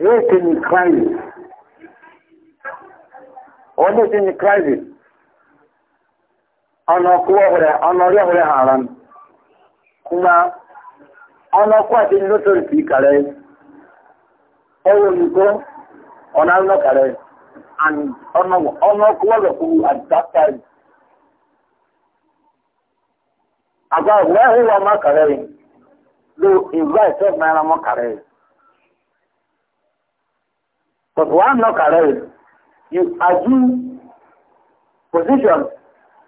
Anything in crisis. Anything in crisis. ọhụrụ ọnọrị ọhụrụ hara m. Kuma ọnọkụ àti lótòrì fi kàrẹ́. Ẹwọ nìkó ọ̀nà And ọnọkụ ọ̀rọ̀ kú at that time. Àgbà wẹ́hìn wọn má kàrẹ́ yìí. But one knock arrives, you assume position,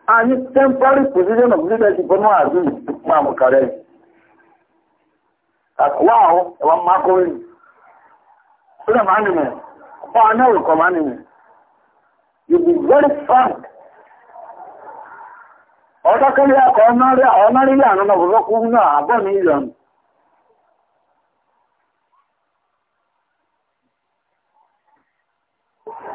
and it's temporary position of leadership on one assume Imam Karel. That wow, one oh, come You be very frank. Ọ̀tọ́kẹ́lẹ́ akọ̀ ọ̀nà rí àwọn ọ̀nà rí ọ̀rọ̀kú náà àbọ̀ ní ìlànà.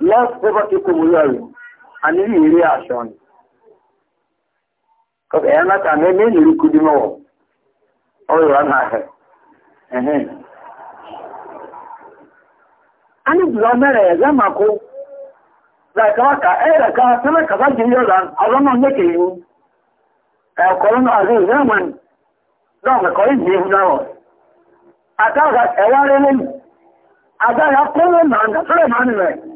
last over to Kumuyari, and he really ashon. Because I am not a man, you could know. you And it's Lomere, Yamako. Like Aka, Erika, Samaka, Yolan, I don't know, Nicky, you. El Colonel Aziz, Yaman. No, the Colin, you know. I thought na Ewan, I thought I told him,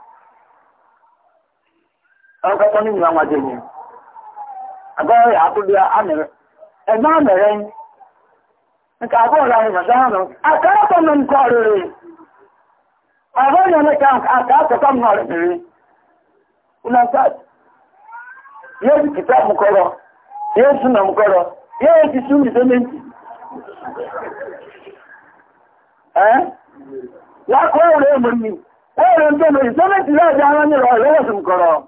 ọkọkọ ní ìwà wọn jẹyìn agbọ́rọ̀ àkúdí àmẹ́rẹ́ ẹ̀gbọ́n àmẹ́rẹ́ nke abọ́ọ̀lá ni màdáhánà àkàrọ̀kọ̀ mọ̀ nǹkan ọ̀rẹ́rẹ́ àwọn èèyàn mẹ́ta àkàrọ̀kọ̀ mọ̀ ọ̀rẹ́rẹ́ unasa yóò di kìtà mùkọrọ yóò súnà mùkọrọ yóò ti sún ìdómẹ́ntì ẹ́ were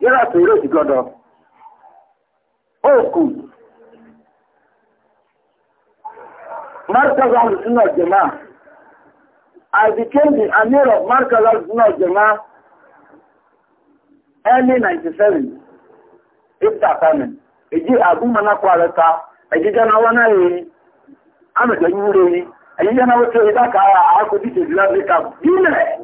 yẹ́rọ àtòrí òjì gọ́dọ̀ òkú markaz al-sunna jama i became the amir of markaz al-sunna jama early 97 If ifta kamin eji abu mana kwarata eji jana wana yi amada yi wuri eji jana wata yi daka a akudi ke zilafrika bi ne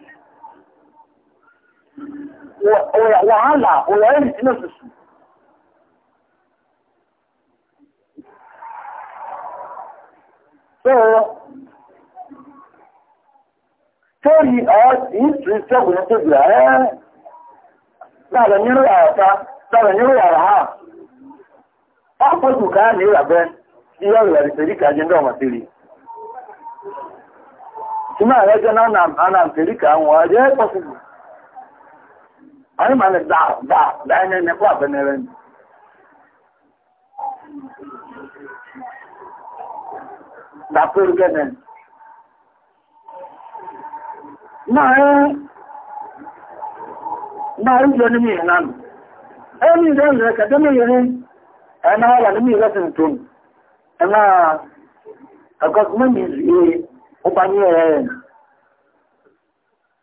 wàhálà ọ̀rọ̀ ẹ̀rìn sínú ṣùṣù so torí ìtìrí tẹ́gùn ní tẹ́gùn ẹ́ láàrẹ̀ nírò àyàta láàrẹ̀ nírò àràhà ọ káà ka a na ọ̀rẹ̀ ìfẹ̀rí kàájẹ́ ní ọmọ sílẹ̀ Ìmọ̀ àrẹ́jọ́ náà nà àmì àmì àmì àmì àmì àmì àmì àmì anyị ma da da da anya nekwa abenere da purgene na anyị na anyị jọ n'ime ihe nanụ ẹni ìjọ ìrẹ kẹjọ mẹ́rin ní ẹ̀nà wà nínú ìrẹ́ ti tún ẹ̀nà ẹ̀kọ́ mẹ́rin ìrẹ́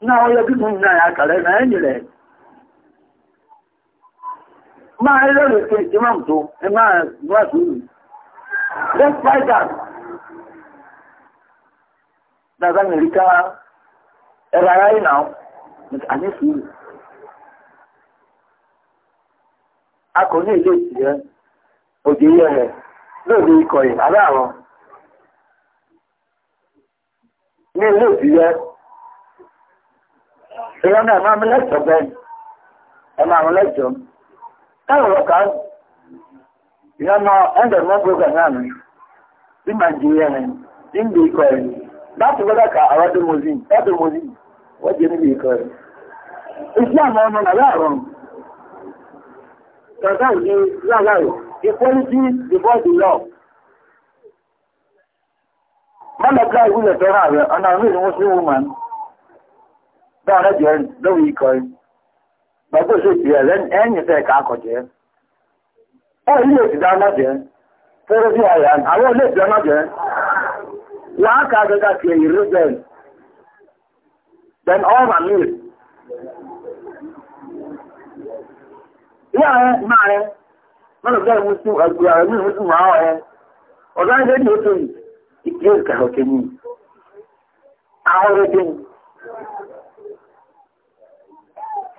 náà yọ bí mún náà àkàrẹ́ náà ẹ̀yìn rẹ̀ máa lọ́rọ̀ pé ìjọmọ̀ tó ẹ máa gbọ́ sórí let's fight that dáadáa mi rí ká ẹ̀rọ ara yìí náà àní sùúrù a kò ní ilé ìtìyẹ òjò yẹ rẹ lóòrè ikọ̀ yìí aláàrọ̀ ní ilé ìtìyẹ ìwọ náà máa mẹ́lẹ́tọ̀ bẹ́ẹ̀ ẹ máa mẹ́lẹ́tọ̀ táwọn ọ̀ka ìyọ́nà ẹ̀ndẹ̀ mọ́gbọ́gbà náà mi ní nàìjíríà rẹ̀ ní ikọ̀ rẹ̀ láti gbọ́dọ̀ ka àwọn tó mo wọ́n jẹ́ níbi ikọ̀ rẹ̀ iṣẹ́ àwọn ọmọ nàlá àrùn tọ́tà ìdí láàláyò equality before the law mọ́lẹ̀ká ìwúlẹ̀ tọ́ra rẹ̀ ọ̀nà àwọn ìlú muslim woman sáàrẹ́ jẹ́ lórí ikọ̀ yìí gbogbo ṣe jẹ́ ẹ̀yìn fẹ́ káàkọ̀ jẹ́ ẹ̀ ilé ìtìdá ọmọ jẹ́ fẹ́rẹ́ bí àyà àwọn ilé ìtìdá jẹ́ láàkà gẹ́gà kí èyí rí bẹ́ẹ̀ then all my meal ìyá máa rẹ̀ mọ́nà bẹ́ẹ̀ mú sí ẹgbẹ́ rẹ̀ ní ìwúsùn máa rẹ̀ ọ̀dọ́ ilé ìdí ó tó yìí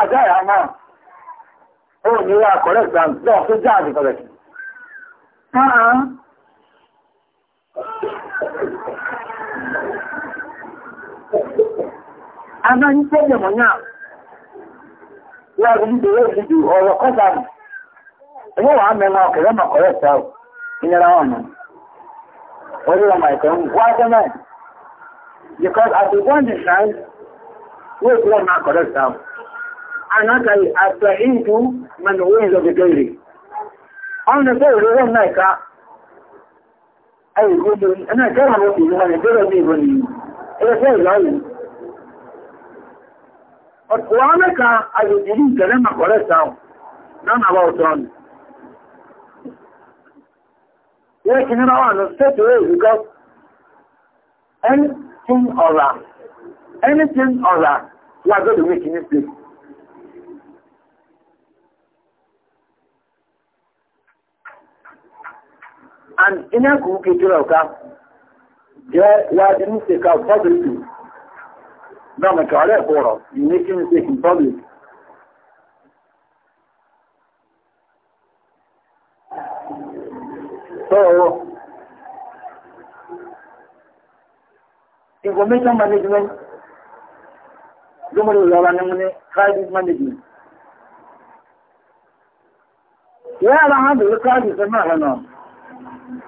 àjá ìhà náà ó ní wá correct am lọ́ọ̀ tó já àdì correct. Àná ní pẹ́lẹ̀ mọ̀ náà láàrin níbi ìwé ìdíjú ọ̀rọ̀ kọ́ta nù. Ẹgbẹ́ wàá mẹ́ma ọ̀kẹ́rẹ́ mà correct am ìnira wọn nù. Orí ọmọ ìkọ̀rọ̀ ń kó ajẹ́ náà. Because at the one time, wọ́n ti wọ́n correct am. anaka àtàídù man wíìzọ gẹ̀gẹ̀rẹ̀ ọ̀nà tó rẹ̀ wọ́n náà ká ayìkúdù ẹ̀nà ìjọba wọ́n ti mú wọn ìjọba ní ìbọn yìí ẹgbẹ́ fẹ́ ìlọ́yìn ọ̀tọ̀ ọ̀nàkà àjòjì ní ìjẹ̀lẹ́ màkọ̀rẹ́ sáwọn náà wà ọ̀tọ̀ ọ̀nà ilé kìíní máa wà ní state way because anything ọ̀rà anything ọ̀rà wà gbọ́dọ̀ wí kìíní state and ina ku kuke kira ka ya ji nufi ka publicly na mai kare kora you make mistake in public so information management gbọmọdé ìlọ́wà ní múni crisis management yára hàn bèèrè crisis ẹ̀ máa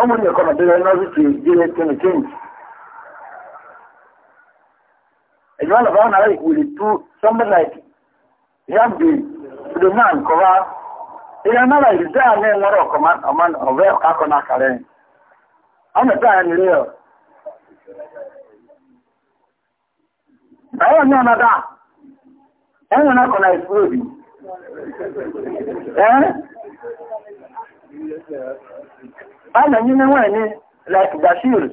ọmọ ní ẹ̀kọ́ nàbẹ́rẹ́ lọ́sí ti jẹ́rẹ́ tẹ́lẹ̀ change. ẹ̀yọ́ ọ̀nà báwọn ará ìwòlè tú somebody like yambi the man kọ́wá ìyá náà láì dá ní ẹ̀wọ̀rọ̀ ọ̀vẹ́ ọ̀kákọ̀ náà kàrẹ́ ọmọ táà ní rí ọ̀ báwọn ní ọ̀nà dáa ẹ̀yìn náà kọ̀ náà ìfúrò bì ẹ́ ana nyina wani like bashir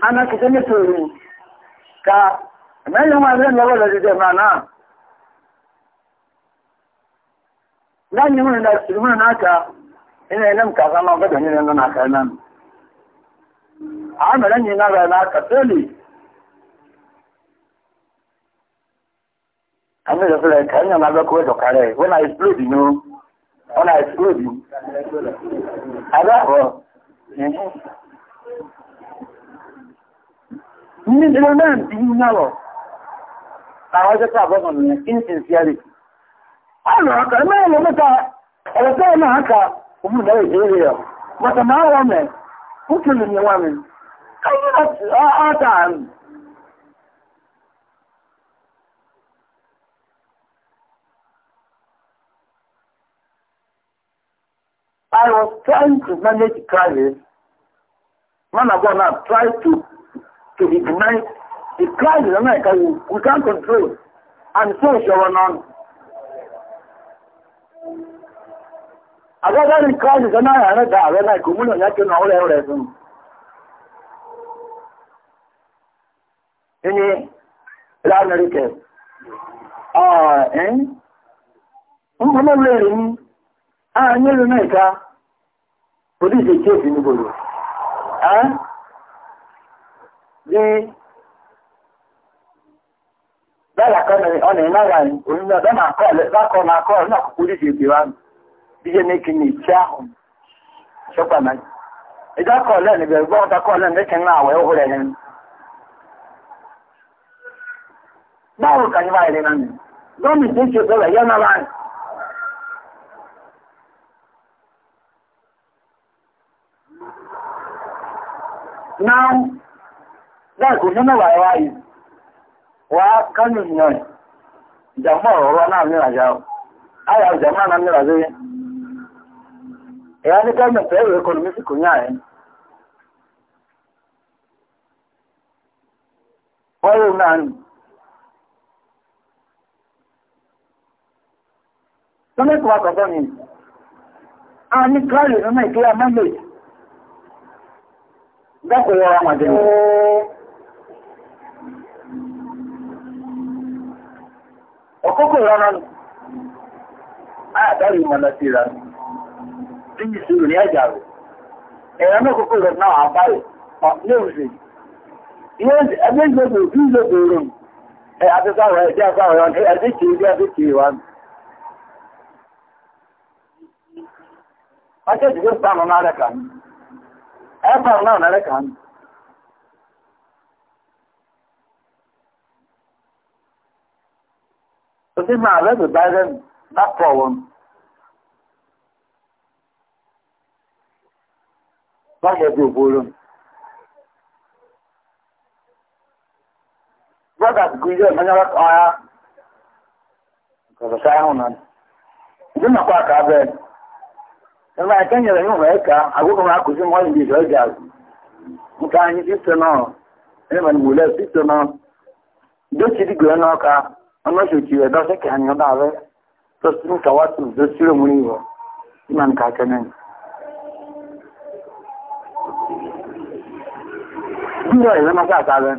ana kete ne tori ka na yi wani zan lọ́wọ́ lọ́dí jẹ mana na yi wani da su mana naka ina yi nan kasa ma gada nina nan aka nan a mara yi na rai naka tsoli an yi da su da kanyar na zai explode you know ọ na-esi obi ada abụọ ndị dịrị na àwọn ọjọ́ tí àbọ́sàn ní insincere ọ̀nà ọ̀kà mẹ́rin lọ mẹ́ta ọ̀rọ̀tẹ́ ọ̀nà aka ogun ìdáwò ìdíwèrè ọ̀ mọ̀tàmá wọ́n wọ́n mẹ́ I was trying to manage crisis. Man of God now tried to, to ignite the crisis America. We, we can't control. And so she on. Agora em crisis na era da era como não é i não olha olha isso. Ele lá na rica. Ah, hein? Um como ele, ah, ele police èké èdè níbòrò ẹ́ bí báyà kan ní ọ̀nà ìnáwà ní onímọ̀ ọ̀dọ́ máa kọ́ ọ̀lẹ́ bá kọ́ máa kọ́ ọ̀nà kò police èké wa nù bí jẹ́ méjì ní ìtí àhùn ṣọ́pà náà ìjọ kọ́ ọ̀lẹ́ níbẹ̀ gbọ́ ọ̀tá kọ́ ọ̀lẹ́ níbẹ̀ kí n náà wẹ̀ ó rẹ̀ hẹ́n báwo kàn yín báyìí nínú mi gọ́ọ̀mù tó ń ṣe sọ̀rọ̀ yẹ́n náà láàrín Now, láìkò nínú wà ẹwà yìí, wà á kánù ìyàn ìjàmọ́ ọ̀rọ̀ náà ní ìràjá ọ̀. Ayà ìjàmọ́ náà ni. Sọ́mẹ́kùnwà kọ̀ọ̀kọ́ ni, a ní za ku yawa magana ọkụkọ ranar a ɗari mana tsira ɗin yi suru jaru ẹ̀rọ náà kókó rẹ̀ náà àbáyé ọ̀pọ̀lẹ́wùsì ẹgbẹ́ ọjọ́ ìdíjọ́ sáàmù náà rẹ̀ kàní ẹ̀fà náà nẹ́rẹ́ kàá nù. Ó sì máa lẹ́bù báyẹ̀ lápọ̀ wọn. Báyẹ̀ bí òbóró. Bọ́dà kìkú ilé ìmọ́nyára ọ̀há. Kọ̀sọ̀ṣá ẹ̀hùn náà. ebe a kenyere ya wee ka agwụghị m akụzi nwa ndị ọ ji agụ nke anyị site nọ ebe na ule site nọ dochiri gụọ n'ọka ọnọchiri edosi ka anyị ọda arụ tosiri kawatu dosiri onwere iwe ina nke akene ndị ọyịrị maka akarị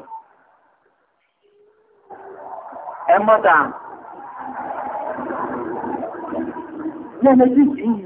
ẹmọta na-emechi iji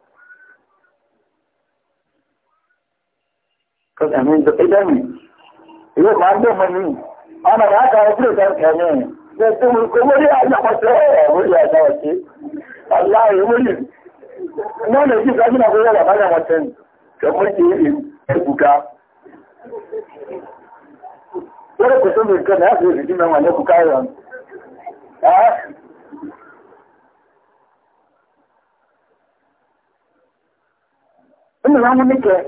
ẹ̀mí ń dọ̀kẹ́ dẹ́mi ìwé máa dé mọ́ ní ọ̀nà máa ka ọdún ìta kẹ́mi ṣe tó mú kó mórí àjọpọ̀tẹ́ mórí àjọpọ̀tẹ́ aláàrẹ mórí náà lè jí kájú náà kúrò bàbá náà wọ́n tẹ́ni kẹ́mọ́ ti rí ẹ̀kùká wọ́n kò tó mi kẹ́ náà fi rí mẹ́wàá lẹ́kùká rẹ̀ Inú ìwà mú níkẹ̀ẹ́.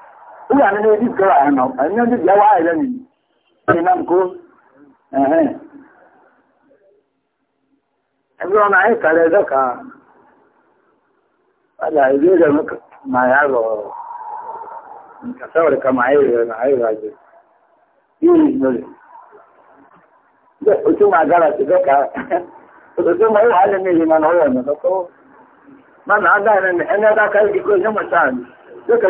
Ìyá ni ní ìdíkọ́ àánà, ẹni ó dìbí ẹwà ẹ̀rẹ́ nìyí, ìná kó ẹ̀hẹ́n. Ẹgbẹ́ ọ̀nà àìkàrẹ̀ ẹ̀dọ́ ka, ọjà ìdí rẹ̀ máa yá lọ, ìkàtàwọ̀rẹ̀ ka máa yẹ̀ rẹ̀ àìrà jẹ. ka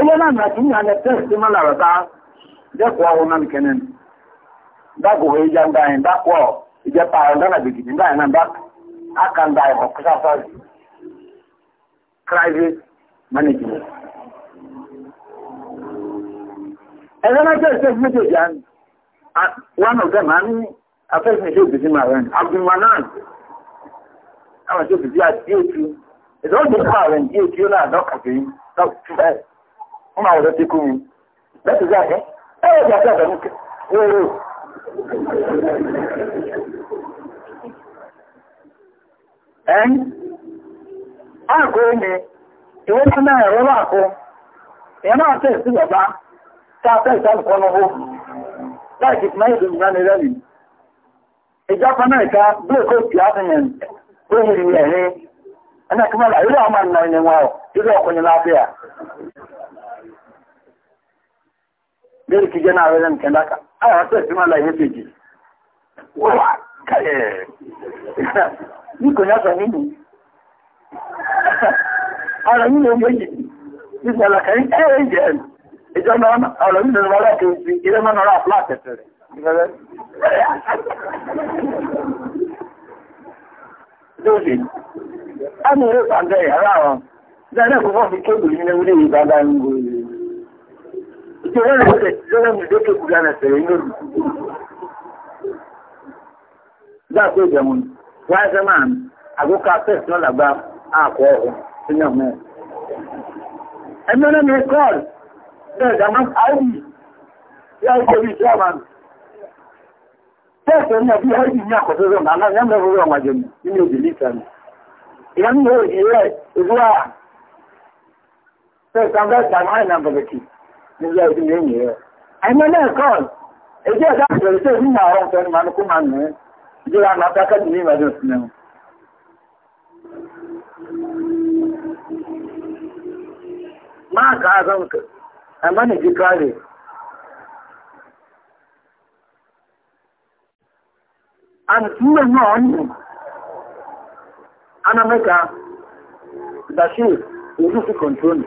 Ele na na kinya na test ma la ta de ko e awu na kenen. Da go he jam da en da ko ije na na bi kitin da na da akan da ko kusa fa. Crisis management. Ele na test me to One of them ani affect me to be my I to you. It's and wọ́n máa lọ kú mi lẹ́tù sí àjẹ́ ẹ̀rọ ìjà sí ìwé náà náà ẹ̀rọ náà ìyẹn náà tẹ̀ sí bàbá tá a fẹ́ ìsàlùkọ́ náà hó láì máa yẹ̀dùn ìgbà ní rẹ́lì. ìjápa náà ìka bí èkó ti àfihàn ó yìí ẹ̀rín ẹ̀nà kí wọ́n là yóò bere kijana aweza mkendaka haya watu wasema la hepeji kale niko nyasa nini ala yule mwenye bisa la kai eh jen ijo na ala yule wala ke ile maana la plate tele dozi ani re pande hawa dana kufa fikebuli ne ule ibada ngulu Ìjọba ìjẹun ni, wáyé máa mi, àgókà fẹ́ẹ̀sì náà làgbà àkọ́ ọ̀hún sínú ọ̀mọ́ ẹ̀. Ẹ̀mí ọ̀nà mi kọ́ọ̀lù, bẹ́ẹ̀ dàmá àwùjì, yá ìjọ bí ìjọ àmà mi. Fẹ́ẹ̀sì ọ̀nà bí ẹ̀rí ní àkọ́tọ́ rẹ̀ màmá níbi ẹbí yẹn yẹn. àìmọ́ náà kọ́ ẹjẹ́ ẹ̀ka àgbẹ̀rẹ̀ tó ní màá ọ̀rọ̀ nǹkan ní màá ní kó máa nù ẹ́ ìjọba àmà àtàkà jù ní ìmọ̀jọ sínú. máa kà á sọ́nkà àmọ́ nìjí kárì. àmì tí wọ́n náà ọ̀nà anamẹ́ka bashir ojú sí kọ̀ntrónì.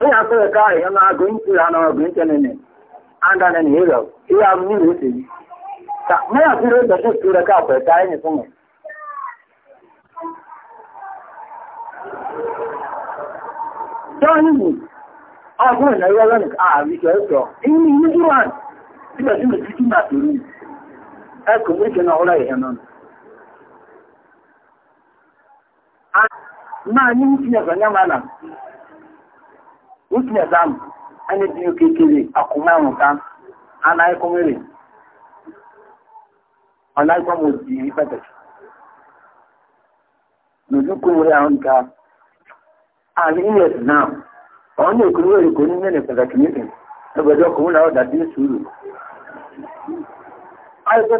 onye akụrụ ka ahụ na-agụ ntị ha na ọgụ ntị nene anda na hero ihe abụ ose gị ka mmanya siri ụzọ si ka akwere ka anyị nyefụ nwere tọ́ni bù ọgbọ́n ìnáwó ọlọ́nà àríkẹ́ ọ̀tọ̀ inú ilé ihe wà nígbà tí mo ti túnbà tó rí ẹkùn na ìṣẹ́nà ọ̀rọ̀ nọ náà máa ní ìfìyànsọ̀ nyàmà Which exam? I need you kikiri akumamuta ana ikumiri. ahụ. di ìfẹ́tẹ̀. Lójúkúmúrí àwọn na Àárín US náà, àwọn ní ìkúrú èrè n'obodo ọkụ mẹ́rin pàtàkì méjì. esi uru. múra ọ̀dà bí sùúrù. Àìpọ̀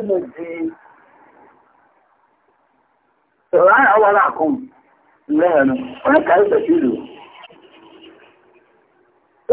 anyị uru.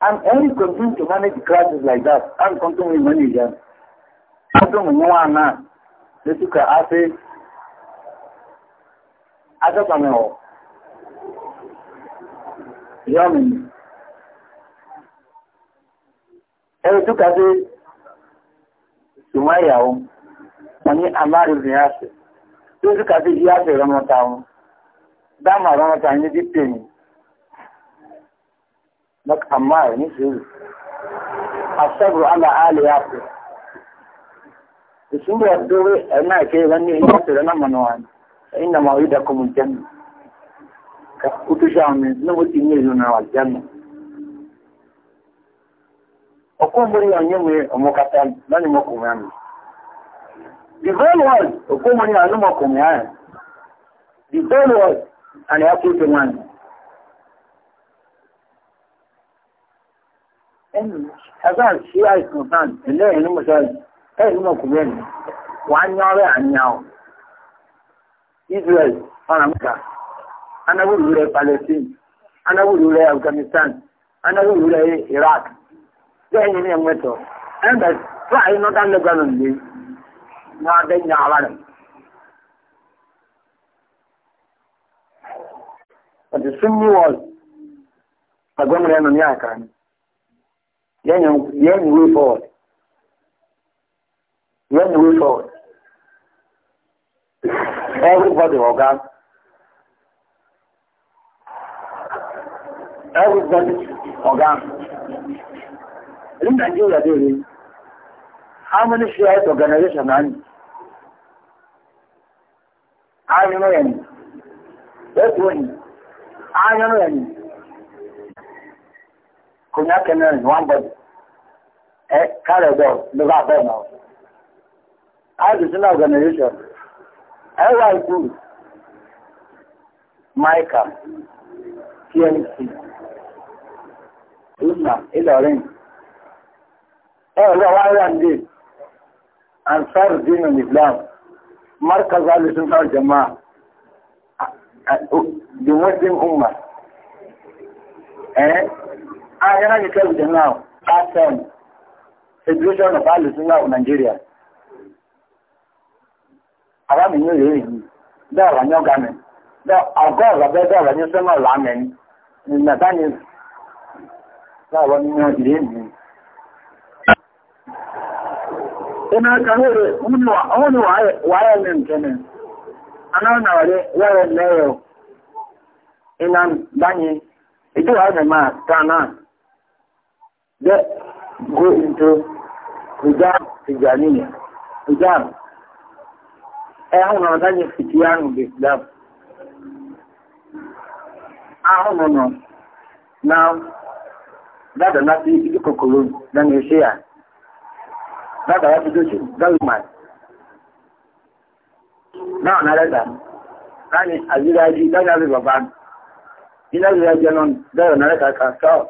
And only continue to manage crisis like that and continue manage them. Adùn mú wọn náà lóṣù ká á sí adọ́kànmí ọ̀. Yọ́mì. Ẹ̀rọ tó kàdé ṣùgbọ́n ìyàwó wọn ní àmárìnrìn àṣẹ. Lóṣù kàdé yí àṣẹ rọmọta wọn. Dáàmà rọmọta yín ti pè mí. لك أمار نسير الصبر على آل ياسر بسم الله الدوري أنا كي غني ياسر أنا منوان فإن موعدكم الجنة كأتشعر من نوتي ميزنا والجنة okumuri anyewe omukatan nani mokumyami the whole world okumuri anu mokumyami the whole world and happy to one ẹgbẹ́ àṣí àìsàn o Israel faramka anáwòlú rẹ̀ Palestine Afghanistan anáwòlú rẹ̀ Iraq lẹ́yìn ní ẹ̀mẹ́tọ̀ ẹ̀bẹ̀ northern Lebanon lè na abẹ́ ní ara rẹ̀. Ọ̀dùsùn ní wọ́ọ̀lù àgbọ̀mọ̀rẹ́ ẹ̀nà the only way forward. The only way forward. Everybody will Everybody will go. In Nigeria, daily, how many shares organization are you? I don't know any. That's one. I don't know any. Kunyake nani, one body ẹ kárẹ̀ bọ̀ ló bá bẹ́ẹ̀ náà. Adùsínà organization LYC Maika, TNC Lùsà Ìlọrin ẹ̀rọ wáyàndé Ansar Dínú Islam Markaz Alùsínà Jama'a The Muslim Ummah. Eh? Ah, yana ke kai da now. Asan. Federation of Alu Sunnah of Nigeria. Àwọn àmì yóò rèé yìí, bẹ́ẹ̀ wà ní ọ̀gá mi, bẹ́ẹ̀ ọ̀gá ọ̀rọ̀ bẹ́ẹ̀ bẹ́ẹ̀ wà ní sọ́nà ọ̀là mi ni mẹ́ta ni láwọn ní wọ́n ìrèé mi. Ina kan wèrè, wọ́n ni wàáyẹ̀ ní nkẹ́ni, aná ọ̀nà wàlẹ̀ wẹ́rẹ̀ lẹ́yọ̀, ina báyìí, ìdíwà ọ̀nà máa tánà, bẹ́ẹ̀ go into hujam tijaniya hujam eh unaonataje fitiano biislamu ah no no now that dada nasi iko kokoloni ndani ya shia dada watu joshi government na analeta nani aziraji ndani ya babani ina ile jana ndio analeta kaka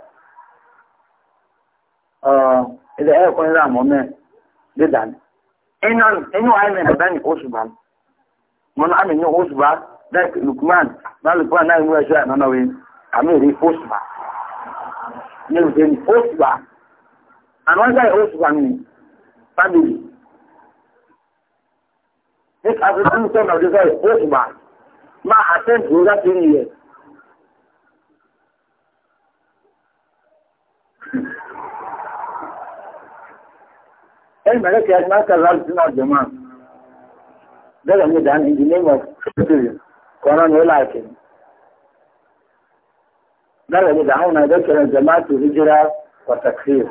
uh ilẹ̀ ẹ̀kọ́ ńlá àmọ́ mẹ́rin lè dàní. inú àmì ẹ̀dá ní oṣùbà mọ́nà àmì ní oṣùbà dẹ́k lukman náà lukman náà ìwé ẹ̀ṣọ́ àmọ́ náà wí àmì rí oṣùbà ní ìwé ní oṣùbà àmọ́ ń dáì oṣùbà ní fábìlì. ní àfikún sọ̀rọ̀ ọdún sọ̀rọ̀ oṣùbà máa àtẹ́ǹtì ó dá sí ìyẹn. Any Maliki has not allowed to not demand. That only done in the name of Sufism. Quran will like him. That only done when I don't tell Jamaat to Hijra or Takfir.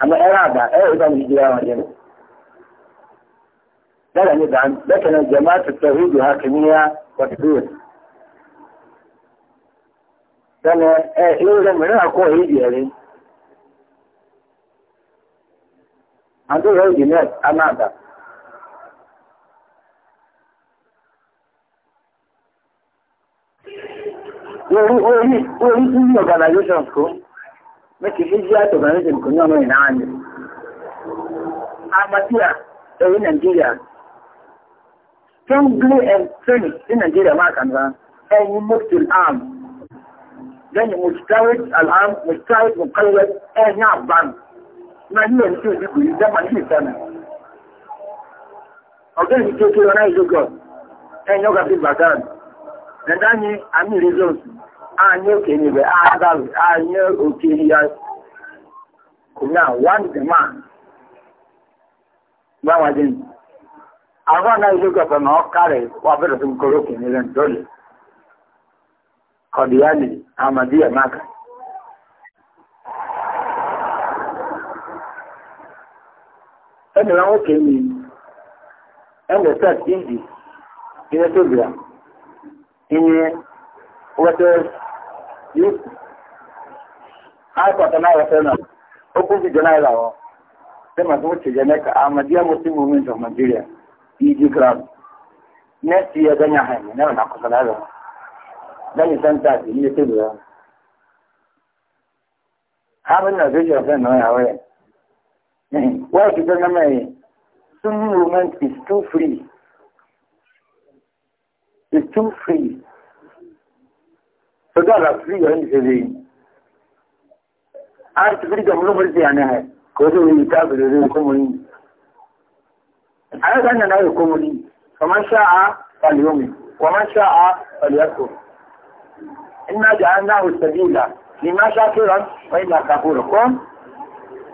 I'm an Arab, I don't Hijra on him. That only done, that can Jamaat to Tawhid Hakimiyya or Takfir. Then, eh, he was a man who called Hijra. and don't hold the net another. Orí orí orí tún ní organizations kó, méjì méjì àti organization kò ní ọmọ ìnáwó ni. Amatia ẹ̀rí Nàìjíríà. Don't glue and train ní Nàìjíríà máa kàn wá. Ẹyin Moktil Arm. Lẹ́yìn Moktil Arm, Moktil Arm, Moktil Arm, ẹ̀yìn àbámu na hiyo ni kitu kujama hii sana ọjọ́ ìdíje kí ọ̀rá ìlúgọ̀ ẹ̀yìn ọgá bí bàgán nẹ̀dá ní àmì resort ààyè òkè níbẹ̀ ààyè òkè ìyá kùnà one demand gbáwà jẹ́ àwọn ọ̀nà ìlúgọ̀ fọ̀nà ọkàrẹ̀ wà bẹ̀rẹ̀ tó ń kọ́rọ̀ òkè nílẹ̀ dọ́lẹ̀ kọ̀díyàlì àmàdíyà mákàá ẹnìyà wọn kè mí ẹnì sẹt ìdì ìyẹn tó bìà ìyẹn wọtẹ yìí àìkọtà náà wọtẹ náà ó kún sí jẹnáìlà wọn sẹmà tó ti jẹ nẹka muslim movement of nigeria ed grab next year ganya hàn mí náà nàkọsọ náà lọ lẹyìn sẹńtà ìyẹn tó Having a vision of them, I Why did I marry? Sunni woman is too free. It's too free. So God has free and free. आज freedom लो बोलते आने है कोई भी किताब दे दे को मुनी आया था ना को मुनी समस्या आ फलियोमी वमस्या आ फलियको इन्ना जानना उस सजीला लिमा शाकिरन वही ना कापुर कौन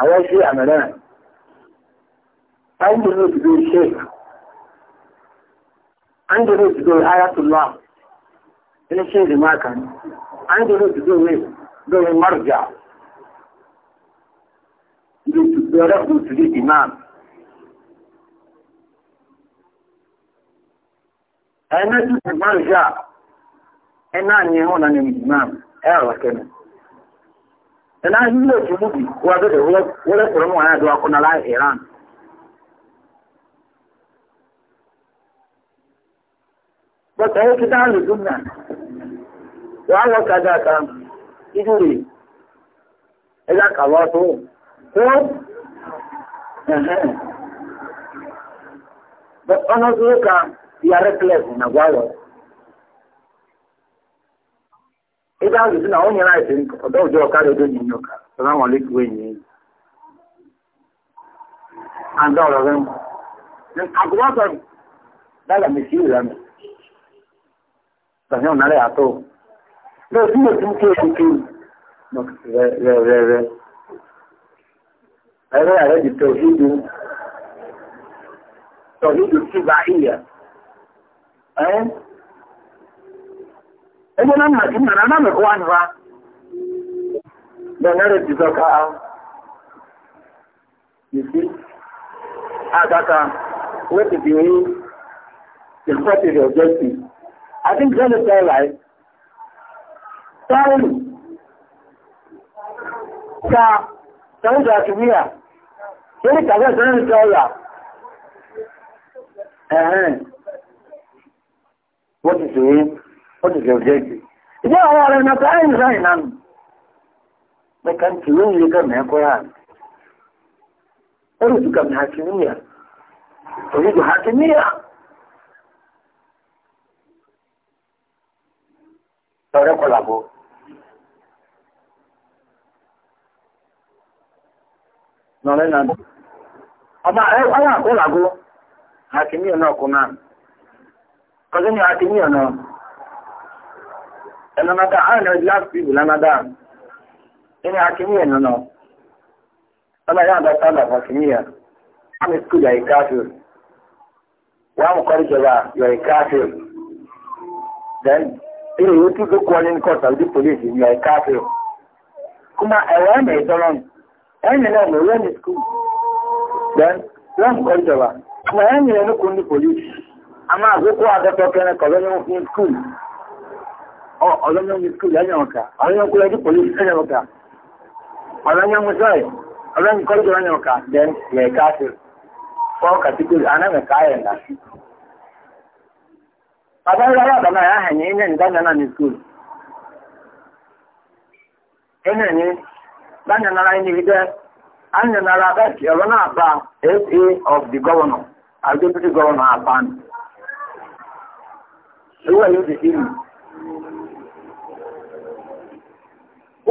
àwọn ṣe àmàrà an gina zuwa sheik an ayatollah ina ṣe rimaka an gina zuwa zuwa marja zuwa rabu zuwa imam ẹni zuwa marja ẹna ni ẹ̀họ́n na ni imam ẹ̀rọ kẹ́nà da na yi yau jimubi wadda da wurin tsoron wani aduwa kuna iran wata yau kita hannu dunna ya waka da ka idure ya ka wato ko ọ̀nà tó ka yàrá kílẹ̀sì na gwáwọ̀ ita ahụ si na onye raịtị ọdọ ụjọ ọkara edo nyi nyoka sọrọ anwa leki wee nye enyi and ọrọ rẹ mu agụba sọrọ dala mesi ụra mi ebe na Madina na namu wani ba da na rabi zaka a yake a daga wata biyu ilfati da ojosi a cikin jana tsaraye tsarin ta tsarin da kimiyya sai ka zai tsarin tsara ehem wata biyu ojijiojeji ìjọ àwọn ọ̀rẹ́ náà tàà ń ráì náà mẹ́ka tí ó ń lè gọ́ mẹ́kọ́ yá ẹrù tó gàmì hakimiyya orígbò hakimiyya lọ́rẹ́ kọlàbọ̀ lọ́rẹ́ náà ọba ẹwà kọlàbọ̀ hakimiyya náà kọ náà kọjọ́ ni hakimiyya náà ẹnanada ààrẹ láti ìlànàdà ẹni akíníyà nánà ọlọ́yà àdásálà fàkíníyà àmì skúl yà ìkáfíò wọ́n mú kọ́rí jẹba yà ìkáfíò then ilé yóò tún tó kọ́ ní kọ́ saudi police yà ìkáfíò kuma ẹ̀wọ́ ẹ̀mẹ̀ ìdọ́rọ̀n ẹ̀yìn náà mọ̀ wọ́n ní skúl then wọ́n mú kọ́rí jẹba kuma ẹ̀yìn náà kún ní police àmà àgbékọ́ àdọ́tọ̀ kẹrin kọ̀lọ́ ní skúl ọlọ́nyọ́mí skúl lẹ́yànwọ̀ká ọlọ́nyọ́mí kúlẹ̀ ní pọ̀lú lẹ́yànwọ̀ká ọlọ́nyọ́mí sọ́ọ̀ ọlọ́nyọ́mí kọ́lẹ̀jì lẹ́yànwọ̀ká then yẹ káàtì fọ́ kàtíkùl anáwẹ̀ káyẹ̀ ńlá. Bàbá ìlú aláàbà náà yáhà ní ilé ìdáná náà ní skúl. Ẹnà ní dáná náà ní ibi jẹ́ ányà náà rà bẹ́ẹ̀ ọ̀rọ̀ náà bá FA of the governor àti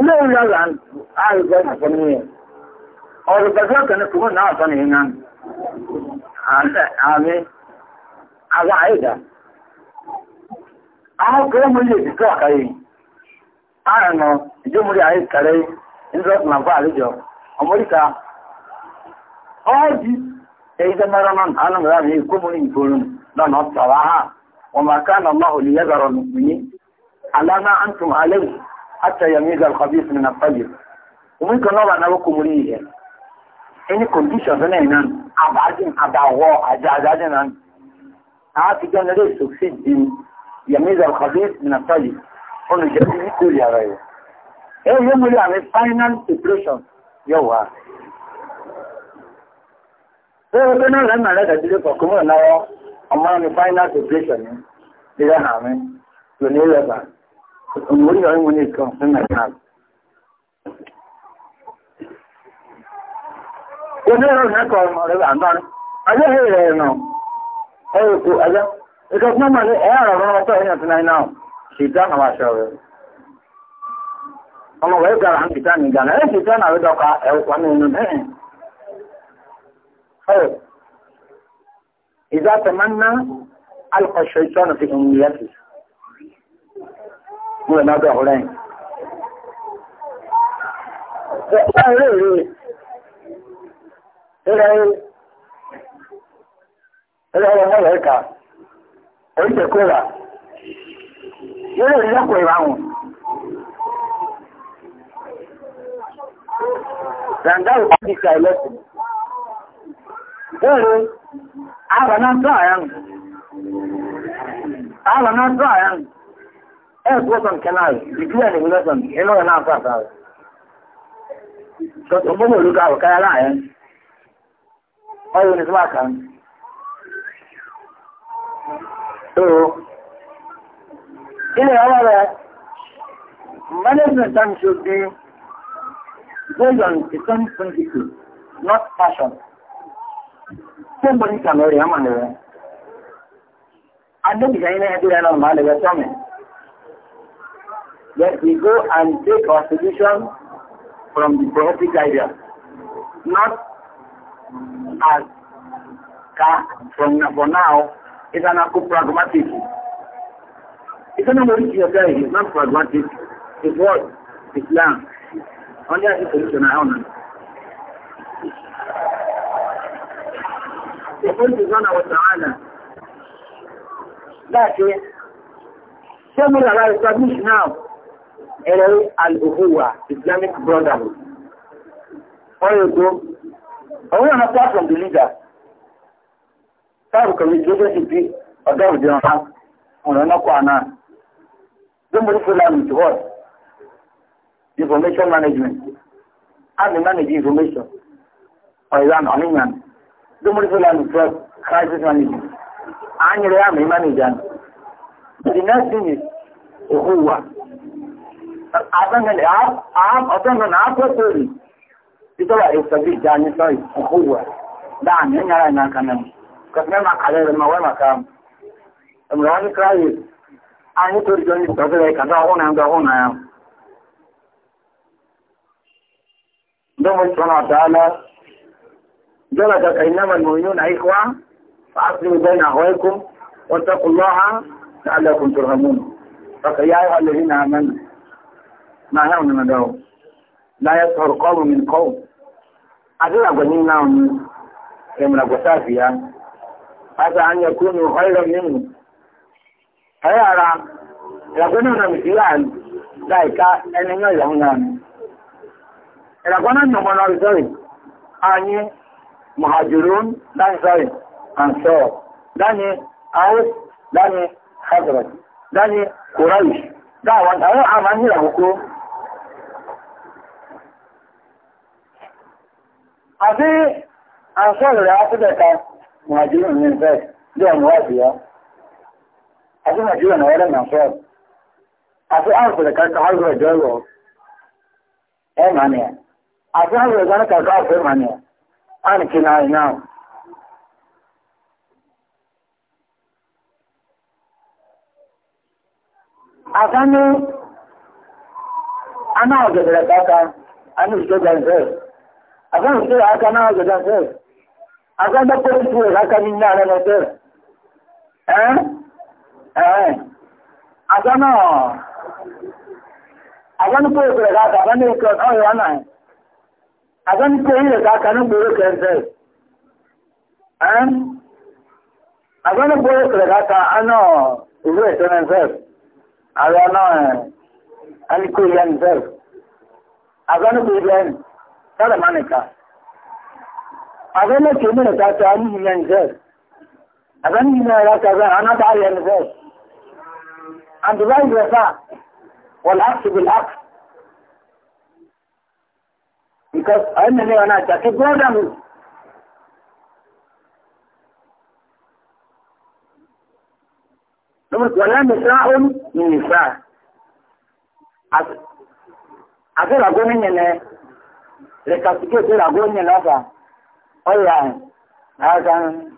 ilé ìlú na àrùgbẹ́ ìgbàgbọ́ ní ẹ̀ na gbàgbọ́ kan kò wọ́n náà sọ́nà iná àmì àwọn àìdá àwọn kò wọ́n mú ilé ìdíkọ́ àkàyè àrùn ìjọmúrí àyè kàrẹ́ ìdúrọ̀tún àgbà àlejò ọmọríkà ọ́ọ́dì èyí tẹ́ mẹ́rọ náà alùmọ̀rá mi kó mú ní ìgbòrùn lọ́nà ala wá hà ala na hatta yamiza al-khabith min at-tayyib umun kan nawa nawa ko muri ye any condition na nan abajin abawo ajajaje nan a ti gan le succeed din yamiza al-khabith min at-tayyib on je ni ko ya rayo e yo muri ame final separation yo wa so ko na ran na da dile ko kuma na yo amma ni final separation ni ira na me to ne ya ba muri ga mu ne kan sunna ta ne ro na ko ma re an dan no e aja e ka na ma le e ara ro to ina tana ina eh, shi ta na ma sha gara gana ẹ̀ kìtá náà wẹ́ẹ́ dọ́ka ẹ̀wọ̀n ní inú bẹ́ẹ̀. ẹ̀ ìdá tẹ̀mánná alùpàṣẹ ìtọ́nà fi hàn kúrò lọ́dọ̀ ọ̀rẹ́ yìí. Ṣẹ̀kọ́ rèé rèé ẹ̀rọ ọmọ rẹ̀ kà oríṣẹ̀kọ́ rà yóò rí lọ́pọ̀ ìràwọ̀n. Gàǹdà òkúti ka ẹlẹ́sìn. Bẹ́ẹ̀ni, àwọn náà tọ́ àyàn. Àwọn náà tọ́ àyàn air blossom canal ìdílé ní blossom inú ẹ̀ náà pàtà rẹ̀ tọ́tọ̀ bọ́mọ̀ olúkà ọ̀káyà láàrin ọ̀rọ̀ ní súnmọ́ kan so ilé ọwọ́ rẹ̀ management time should be based on the same principle not passion tí mo ní kàmẹ́rì ọmọ rẹ̀ adébìsẹ̀ yìí náà náà máa lè rẹ̀ sọ́mẹ̀ Yet we go and take our solution from the prophetic idea, not as from for now It's an pragmatic. It's not what you're saying. it's not pragmatic. It's what it's Islam. Only as a solution I own. The point is honor. يقول سبحانه That's it. some of our submission now ẹ̀rọ al-uhuwa islamic brotherhood ọ̀rọ̀ èkó ọ̀rọ̀ ọ̀nà apart from the leader táàbù kọ̀wé ìjọba ìpí ọ̀dọ́ òjò ọ̀há ọ̀rọ̀ ọ̀nàkọ̀ àná gbẹ́mọ̀rí fúlàní to what information management how to manage information or iran or england gbẹ́mọ̀rí fúlàní to what crisis management àányẹrẹ àmì manager the next thing is òhùwà. أتنقل عام عام أتنقل عام وصولي يطلع يستبيع جاني صوي أخوة دعني إن رأينا كمان كثمة ما قليل ما وما كام امرأة كراي أنا ترجعني تقول لك أنا هنا أنا هنا دم سبحانه وتعالى جلدت إنما المؤمنون إخوة فأصلوا بين أخويكم واتقوا الله لعلكم ترحمون فقيا أيها الذين آمنوا na ahịa ọnụnụ dị ọwụ na ahịa sọrọ ka ọ bụ min kọwụ adịghị agwa niile ahụ ni emere agwa safi ya asa anya kunu hoyra minhu ayara lakona na misilan laika enenyo ya hunan lakona no mona sorry anyi muhajirun dan sorry ansor dani aus dani hazrat dani quraish da wan ayo amani la huko àti àṣọ́rọ̀ rẹ̀ nàìjíríà ní ìfẹ́ jẹ́ ọmọ ọ̀dìyà àti nàìjíríà náà rẹ̀ nà sọ́rọ̀ àti àpùdẹ̀ kàkà àrùrẹ̀ jọ́rọ̀ ẹ̀mànìyà àti àrùrẹ̀ gbọ́nà kàkà àpù ẹ̀mànìyà ánìkì náà náà àtàní anáà ọ̀gẹ̀dẹ̀rẹ̀ kàkà anú akan sai haka na gajan sai akan da kuma da haka min na na sai eh eh akan na akan ko da haka ban ne ko oh yana akan ko yi da haka nan eh ana na kada manika a zama ke nuna ta ta hannun yan zai a zan yi na ya ta zai ana ta yan zai an da zai zai sa wal aksu bil aksu because a yana ne wana ta ta goda mu wala nisa'un nisa a zai ragonin yana rekasike tera gonye lafa oya agan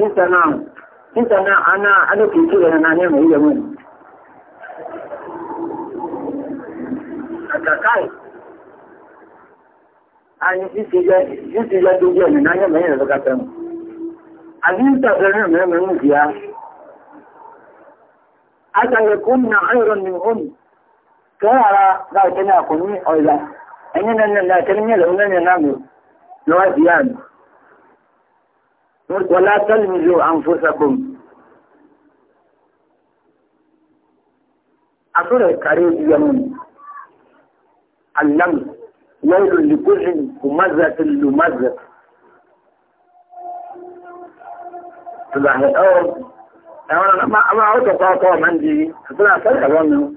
kitana kitana ana ano kitire na nane mu iye mu akakai ani sisije sisije duje ni nane mu iye zakata mu alinta bene mu mu mudia ata yakunna khairan min um kara ga tana kunni oya ẹni nẹ́nẹ́ náà tẹ́lẹ̀ lẹ́wọ́ nẹ́nẹ́ náà lò lọ́wọ́ sí àná wọ́n lá tọ́lù mi lò àǹfọ́sàkùn àtúrẹ̀ kárí ìyẹnu alámù wọ́n lò lìkúrì kùmázà tó lò mázà tó bá hẹ́ ọ́ ẹ̀wọ̀n àwọn ọ̀tọ̀ kọ́kọ́ máa ń di àtúrẹ̀ àtọ́lù àwọn mìíràn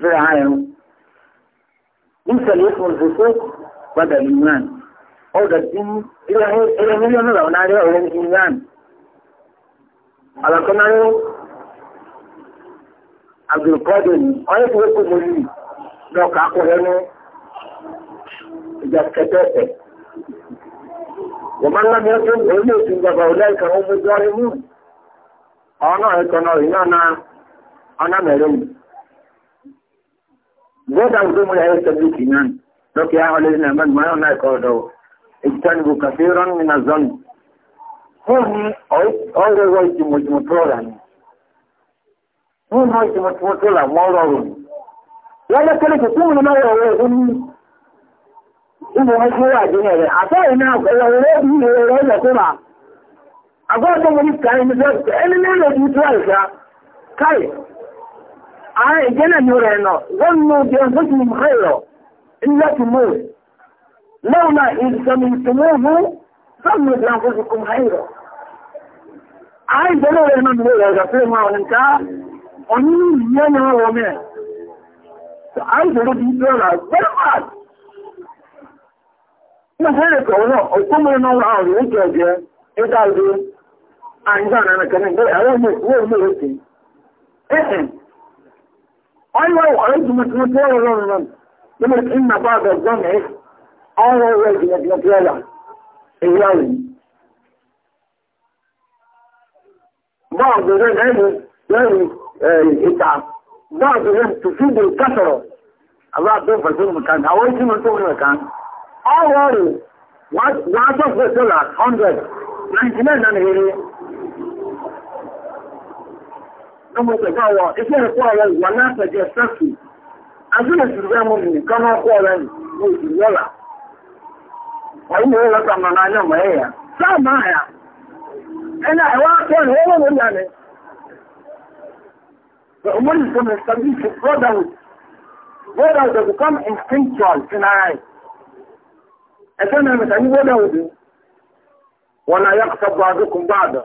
zai hanyar bisa lefin zuko wadda liman o da jin irin miliyon da wani arewa wurin iran alakunan abdulkadir onye ti wekwu mori na ọka akwụrụ ẹnu ìjàkẹtẹẹtẹ wọ́n máa ń lábẹ́ ọdún orílẹ̀ èdè ìjọba ọ̀lá ìkà ọmọdé ọrẹ mú ọ̀nà ẹ̀kọ́ náà ìnáná gbọ́dọ̀ ọdún mú yàrá ìtọ́jú kì náà lókè àwọn olóyìn náà mẹ́rin máa ń náà kọ́ ọ̀dọ̀ ìtọ́jú bù kàfí rán ní nàzọ́nù fún ní ọ̀rẹ́ wọ ìjìmọ̀jìmọ̀ tó rà ní fún ní ìjìmọ̀jìmọ̀ tó rà wọ́n rọrùn lọ́jọ́ kẹ́lẹ́ kò fún mi náà wọ̀ ọ̀rẹ́ ní ìmọ̀ wọn tó wà jẹ́ rẹ̀ àtọ́rẹ̀ náà ọ̀rẹ́ bí ìrẹ̀rẹ̀ ọ̀rẹ́ tó rà àgọ́ ọ̀tọ́ mo ní kàrí mi lọ́sẹ̀ ẹni náà lè ààrẹ ìjẹ́nà ní rẹ̀ nà wọ́n mú di ọgbọ́sí rẹ̀ rọ̀ láti mú lọ́wọ́nà ìsọmi ìtòmóhú sọ́mù ìdíra ọgbọ́sí kùn rẹ̀ rọ̀ ààrẹ ìjẹ́nà rẹ̀ nà mú rẹ̀ rọ̀ fẹ́ máa wọn ká ọ̀ní ìyẹ́ ní ọ̀rọ̀ mẹ́ ààrẹ ìjẹ́nà bí ìjọ́ra very hard ní ọ̀rẹ́ kọ̀ọ̀ náà ọ̀kọ́mọ̀rẹ́ náà wà àwọn ìwé jẹ́ ẹgbẹ́ àjọ àìjọ́ أيوة وخرجت متمتعة لنا يقول إن بعض الجمع أنا وجه متمتعة إيالي بعض الجمع يعني الإتعاب بعض الجمع تفيد الكثرة الله عبدالله فسر مكان أول شيء مكان مكان أول وعشف بسرعة 100 99 أنا هيري ọmọ ìjọba wọ iṣẹ́ ẹ̀kọ́ ọ̀rọ̀ ìwà látẹ̀jẹ̀ sẹ́kù agbẹ́lẹ̀ ìṣùgbẹ́ mú mi nìkan náà kọ́ ọ̀rẹ́ ní oṣù yọ́là ọ̀yìn ìwé lọ́ta mọ̀ náà yọ̀ mọ̀ ẹ̀yà sáà máa yà ẹ̀nà ẹ̀wọ́ akọ́ ni wọ́n wọ́n yà ni The woman is going to establish a brotherhood. Brotherhood has become instinctual in our eyes. Ẹ̀sẹ̀ náà mẹ́ta ní brotherhood. Wọ́n náà yàtọ̀ bọ̀ bá àdọ̀.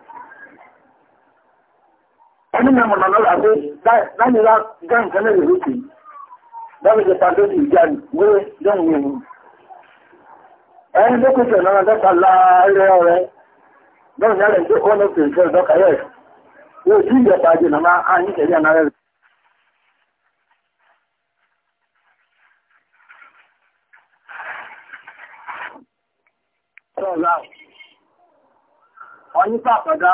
ẹni mẹ́mọ̀ náà lọ́la pé láìlá kan náà lè kìí dábìjẹ́ pàtó sí ìjà wé lóhun yẹn ẹni Ọ̀yí pàpàdá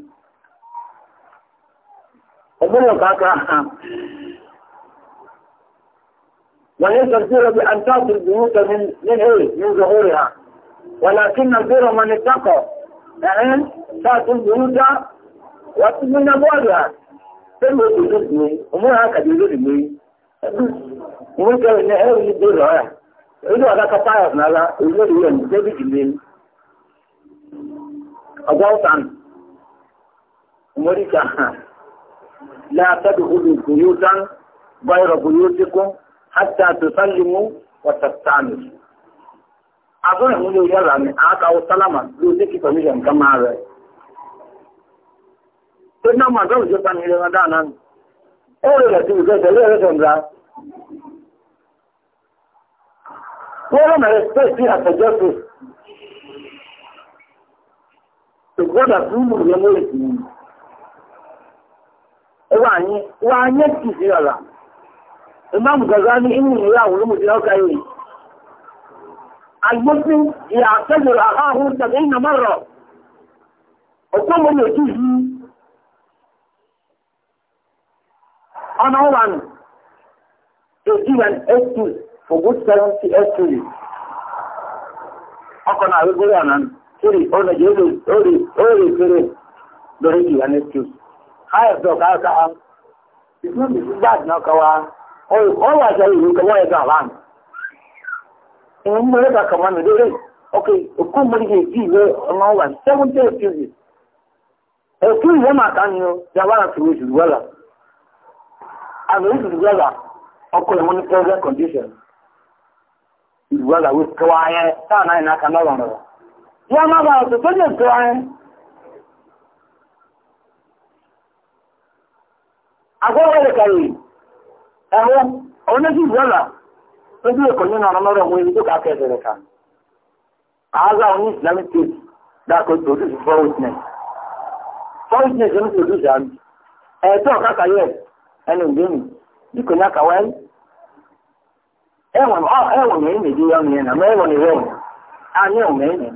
أقول لك هكا وليس البر بأن تعطي البيوت من من إيه؟ من ظهورها ولكن البر من اتقى يعني تعطي البيوت ومن أبوابها تلو تجدني ومو هكا تجدني ومن كان النهار اللي بيرها إذا هذا كطايف نالا يقول لي أن تبي جميل أبوطن أمريكا لا تدخلوا بيوتا غير بيوتكم حتى تسلموا وتستأنسوا àbúrò ìmú ló yára ní àákàwọ sálámà ló sí kí pẹ̀lúṣẹ̀ nǹkan máa rẹ̀. tó náà máa dọ́rùn tó sani ilé wọn dáná nù. ó rẹ̀ tí ìfẹ́ tẹ̀lé ẹ̀rẹ́ sọ̀rọ̀ wọ́n rọ̀ mẹ́rẹ̀ space ní àtẹ̀jọ́ tó. ìgbọ́dà fún mùrùyẹ́ lórí ìsinmi. wanye wanye tiziola imam gazani inu ya wulu mu ya tajur akahu sabina marra okumu ni tizi ana wan to given for good currency excuse ọkọ̀ náà wípé ọ̀nà tí ó lè jẹ́ ó lè lórí ha káàkà ka ìlú gbáàdì náà kọwa ọwọ́ àjọ ìlú kọwọ́ ẹgbẹ́ àlán ìwọ̀n mú ẹgbẹ́ kọwọ́ mi lórí ọkẹ òkú mọ́rí yẹ jí ìwé ọmọ wà seventy eight kg òkú ìwé máa ká ni ó yàrá àti ìwé ìṣùlù wẹ́là àmì ìṣùlù wẹ́là condition agwọ́wọ́lẹ̀ kàrí ẹ̀wọ́n oníṣì ìjọ́là lójú ẹ̀kọ́ nínú ọ̀nà mọ́rọ̀ mú ibi tó ká kẹsẹ̀ rẹ̀ ká ààzà islamic state dákò produce four witness four witness oní produce àmì ẹ̀ẹ́tọ́ kákàyẹ ẹnu ìgbéni díkò ní àkàwẹ́ ẹ̀wọ̀n ẹ̀wọ̀n ẹ̀yìn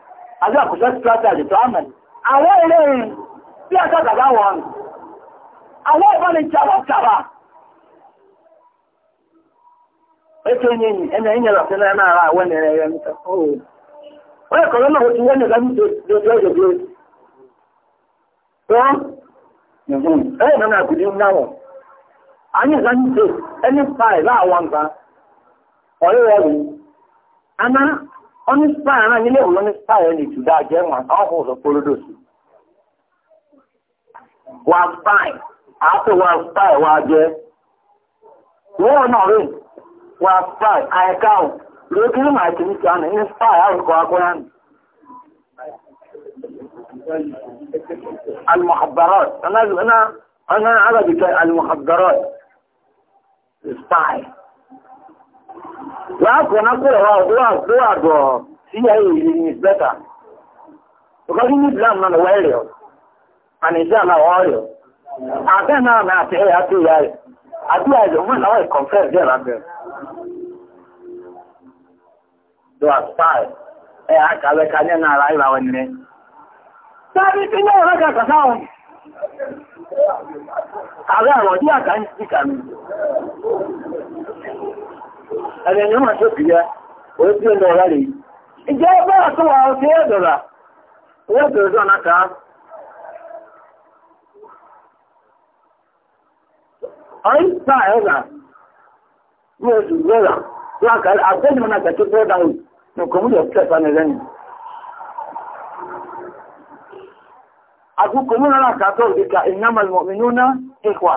àbí àkùsọ́ strategy tó àwọn ilé ìrìn bí àkàkàkà wọn àwọn ìbọn ni ara àwọn ẹ̀rẹ̀ ẹ̀rẹ̀ ọrụ ọrụ wọ́n ọrụ ọrụ ọrụ ọrụ ọrụ ọrụ ọrụ ọrụ ọrụ náà ọrụ ọrụ ọrụ ọrụ ọ̀rẹ́ onye spy náà nílé ìwé onye spy ẹni ìtùdá jẹ́ wọn ọkọ̀ ọ̀sọ̀ polódòsì wà spy àti wà spy wà jẹ́ wọ́n náà rí wà spy àyẹ̀ká ò lókè ní màákì ní kìánì ní spy àwòkọ̀ akọ́yán المخدرات انا انا انا عربي المخدرات spy Last one after a while, last two are CIA is better. Because you need land on the warrior. And it's not a warrior. And then now, now, say, I do, I, I do, I do, when eh, I confess there, I do. They are spies. ẹ̀rẹ̀ ni wọ́n tó bì yẹ òun tí ó lọ rẹ̀ yìí. ìjẹ́ bára tó wà ó ti ẹ̀ dọ̀rà owó tó zọ̀ náà ká. ọ̀yìn tá ẹ̀ rà ní oṣù rẹ̀ rà láàkàrí àtẹ́nu náà kàtí fẹ́ dáhùn ní kòmúlì ọ̀pẹ́ sani lẹ́yìn. àkókò múnà náà kàtó ìka ìnámàlùmọ̀mìnú náà ìkwà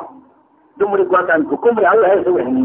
dùmùrìkwà kan kòkòmùrì àwọn ẹ̀ṣẹ̀ wẹ̀ ní.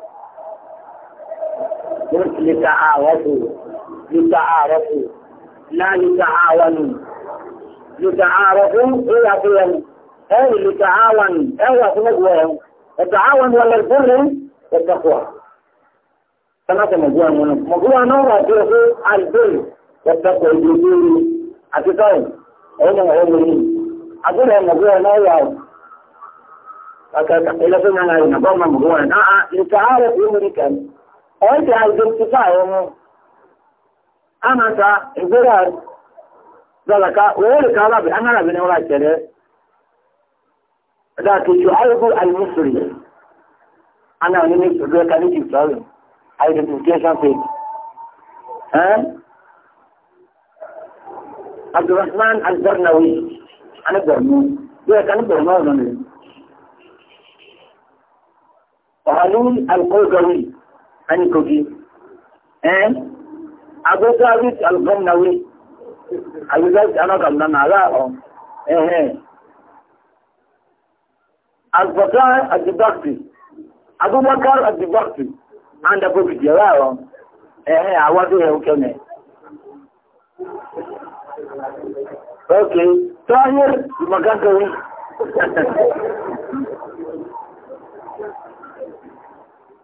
لتعاوتوا لتعارفوا لا لتعاونوا لتعارفوا إلى قيم أو لتعاونوا أو أخنقوا التعاون ولا البر والتقوى ثلاثة مجوعة منهم مجوعة نورة في البر والتقوى الجزيري أتطاين أين مؤمنين أقول لهم مجوعة نورة فكذا إلى سنة لا ينبغم مجوعة نورة لتعارفوا مريكا wọ́n ti identify ọmọ anata ìgbéra zalaka wọ́n lè ká alábi anárabi ni wọ́n láti tẹ̀lé dáàtò ju ayébù alimusiri anáà ní ìgbé kaníkì sọ́rọ̀ identification page abdulrahman albarnawi anigbọ̀nù bí ẹ̀ka nígbọ̀nù ọ̀nà ni ọ̀hánú alkọ́gọ́rì ani kogi eh agogo abi alugam na we agogo abi anagam na na oh. eh, eh. ala ɔ ɛhɛn agbaka adibakti abubakar adibakti anda bobi di ala ɔ oh. ɛhɛn eh, awadu yɛ okɛmɛ ok tɔhir magankari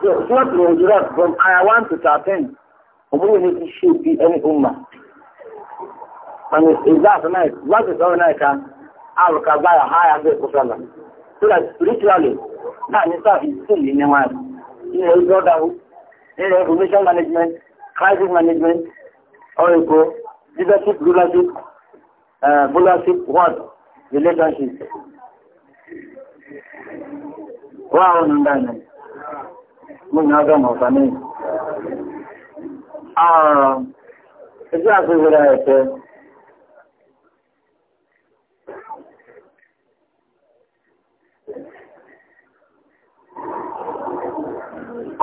So, Surat al-Hujurat from Ayah 1 to 13, we need to should be any umma. And if, if that's nice, what is all night, I will cover a higher day for Salah. So that spiritually, that itself is still in your mind. You know, you know, you know, information management, crisis management, or you go, leadership, leadership, uh, rulership, what? Relationship. Wow, no, no, mun ya gama sani a iji a kuzura ya ce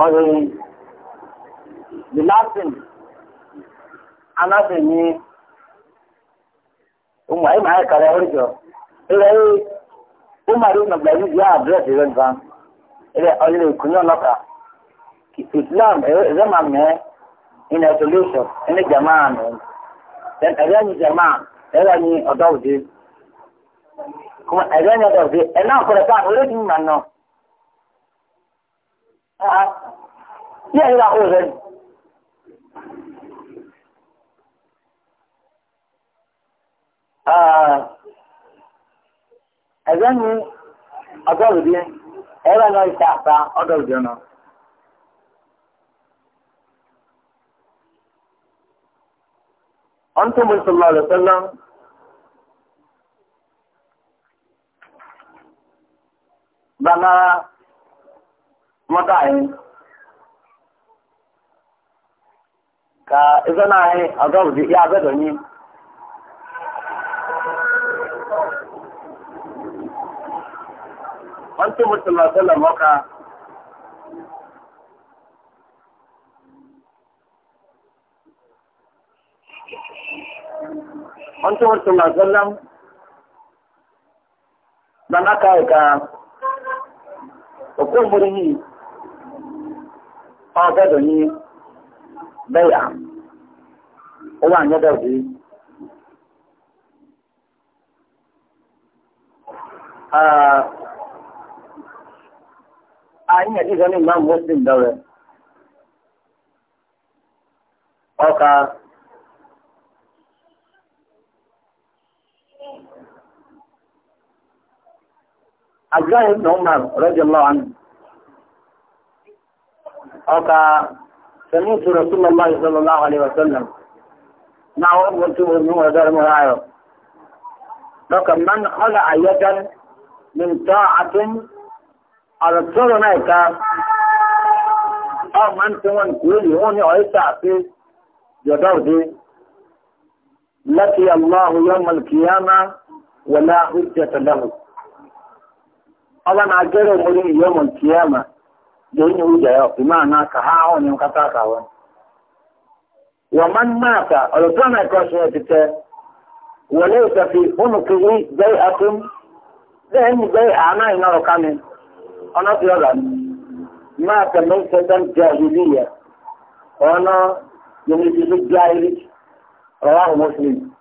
ọdún the last thing aláfẹ́ ní umar ima ya kàrẹ oríṣọ́ ilẹ̀ umar ibn abdullahi yóò àdírẹ́sì rẹ̀ nǹkan ilẹ̀ ọdún ìkúnyọ́ lọ́kàá Islam eh, zama mai eh, in isolation in jama'a ne dan azani jama'a azani odawde kuma azani odawde ina ko da ta wuri din man no a ya ila ozen a azani odawde era no ita ta odawde an tambayi sallallahu alaihi wasallam bana makayin ka izana a gabu ya gado ni an tambayi sallallahu alaihi wasallam ọ̀n tí wọ́n ti là sọ́lá nana ka ẹ̀ka òkú mbori yìí ọ̀ fẹ́dọ̀ ní bẹ́yà ó wà ní ọ̀dọ̀ sí. Àyìn ẹ̀dí sọ ní ìmáàmù Mùsùlùmí dọ̀rẹ̀. Abdullahi ibn Umar radiyallahu anhu. Ọkà Samitu Rasulullah sallallahu alaihi wa sallam. Na wọ́n mú tí wọ́n mú wọ́n dọ́rọ̀ mú ráyọ̀. Lọ́kà man kọ́lá àyẹ́dán min tọ́ àtún ọ̀rọ̀ tọ́rọ̀ náà ká. Ọ̀ máa ń tí wọ́n kúrò ní wọ́n ní ọ̀ẹ́sà àti yọ̀dọ̀ òde. Lọ́kì Allah yawm al-qiyamah wa la ọba na-agara omori ihe ụmụ nke ya ma onye ụjọ ya ima na ka ha ahụ ni nkata aka wọn wọ́n máa ta na tó náà kọ́ ṣe ẹ̀tẹ̀tẹ̀ kiri bẹ́ẹ̀ atún bẹ́ẹ̀ ní bẹ́ẹ̀ àánà ìnáwó kánì ọ̀nà tí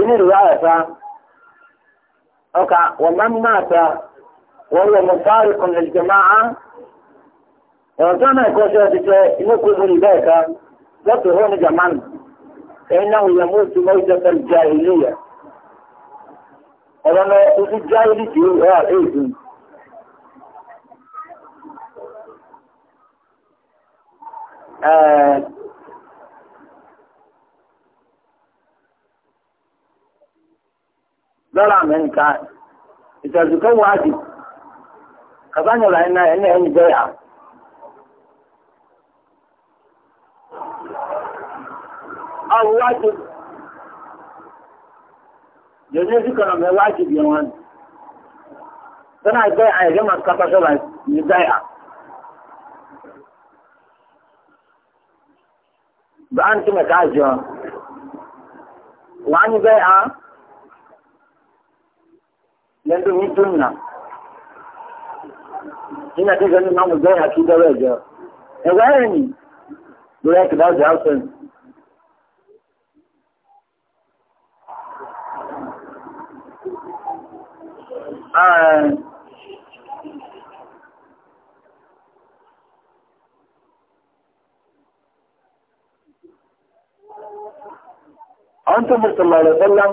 inú ìlú àyàfá ọkà wọn máa ń máa ta wọn lọ mọ fáàrí kan lè jẹ máa án ọ̀rọ̀ tó náà kọ́ ṣe ọ̀ṣiṣẹ́ inú kó lórí bẹ́ẹ̀ ká lọ́tọ̀ hó ní jamani ẹ̀yin náà wòye mú ti mọ́ ìjọba ìjà ìlú yẹ ọ̀rọ̀ ojú já ìlú tí ó rà èyí ẹ̀ẹ́ zara menka itazukan waji kazanya la ina ina yin jaya awu waji yanzu suka na mai wajibi yawan tana jaya a yaga kafa shaba ni jaya ba an tuma kajiya wani jaya lẹ́nu ní dùnà nínú àti ìjọba máa mú bẹ́ẹ̀ àti ìjọba ẹ̀jọ́ ẹ̀wọ́ ẹ̀yìn lórí ẹ̀kẹ́dá ọ̀dọ̀ ọ̀sẹ̀ أنتم صلى الله عليه وسلم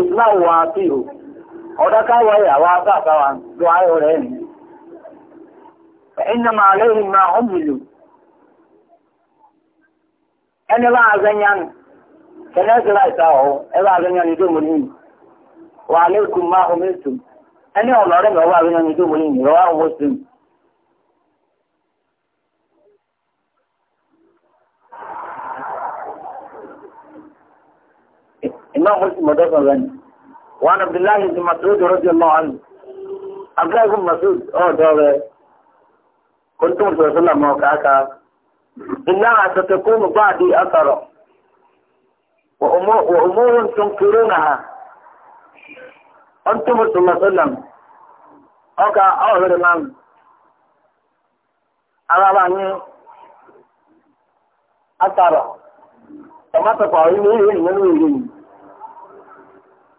islam wa sí o ọ̀dá káwà ìyàwó àtàkàwà tó ayọ̀ rẹ̀ ní ẹ̀yìn máa lẹ́yìn máa ń mìlò ẹni bá azẹ́yàn kẹ́lẹ́sìlá ìsáwọ̀ ẹbá azẹ́yàn ní wà lẹ́kùn máa ọmọ ètò ẹni ọ̀nà ọ̀rẹ́ mẹ́wàá azẹ́yàn ní tó mú ní الله مدافع بني وعن عبد الله بن مسعود رضي الله عنه عبد الله بن مسعود اه ده كنت رسول الله موقعك إنها ستكون بعدي أثرا وأمور, وأمور تنكرونها أنتم رسول الله صلى الله عليه وسلم أوكا أوهر من على بني أثرا فما تقعوا إليه من ويلين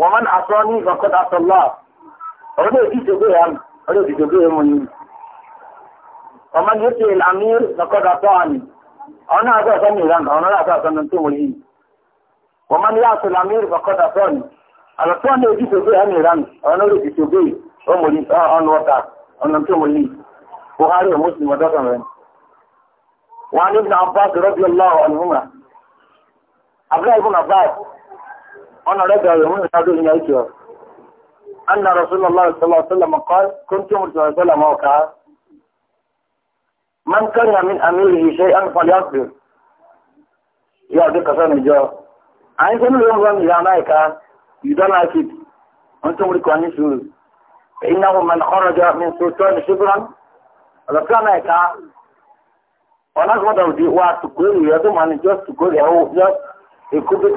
wọ́n máa ń aṣọ ní ìgbàkọ́dá sọ́lá ọdún ìdíjogó yà ọdún ìdíjogó yà mọ̀ ní ọmọ ní ti ìlànà ìgbàkọ́dá sọ́wà ní ọ̀nà àgbà ọ̀sán ní ìlànà ọ̀nà àgbà ọ̀sán tó wọ̀ yìí wọ́n máa ń yá aṣọ ìlànà ìgbàkọ́dá sọ́wà ní àlọ́tọ́ ní ìdíjogó yà ní ìlànà ọ̀nà ìdíjogó ọ̀nà tó wọ̀ yìí buhari wa muslim ọdọ́ kan rẹ̀ أنا رجع يومين هذا إن أيتها أن رسول الله صلى الله عليه وسلم قال كنت مرسل وسلم وكعا من كان من أميره شيئا فليصبر يا ذي قسم الجواب عين كل يوم يوم يعنيك يدلع كده أنتم لكواني سوري فإنه من خرج من سلطان شبرا ركانا يكا ونقضوا دي واتكوري يدوم عن جوز تكوري أو جوز a cubic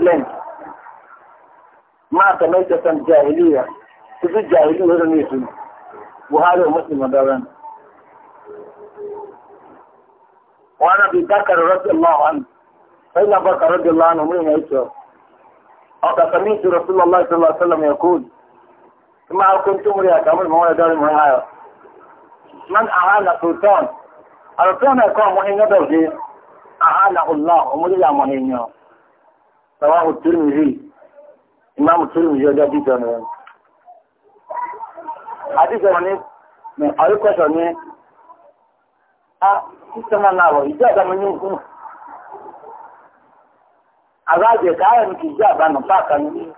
ما تميتة جاهلية تفي الجاهلية لم يكن وهذا هو مسلم داران وأنا أبي بكر رضي الله عنه فإن بكر رضي الله عنه من يسوع أو سمعت رسول الله صلى الله عليه وسلم يقول ما كنت مريا كامل ما هو دار المهاية من أعان سلطان السلطان يكون مهين يدرجي أعانه الله ومريا مهين سواء الترمذي ìmáàmù tó lù yọjọ́ dídọ̀ nù. àdìsọ̀rọ̀ ni àríkọ̀sọ̀ ni a ah, sísẹ́mà náà wọ̀ ìjọ àdámọ́ ní ìgbìmọ̀. àbájẹ káyọ̀ ní kìí jẹ́ páàkà ni. ni ti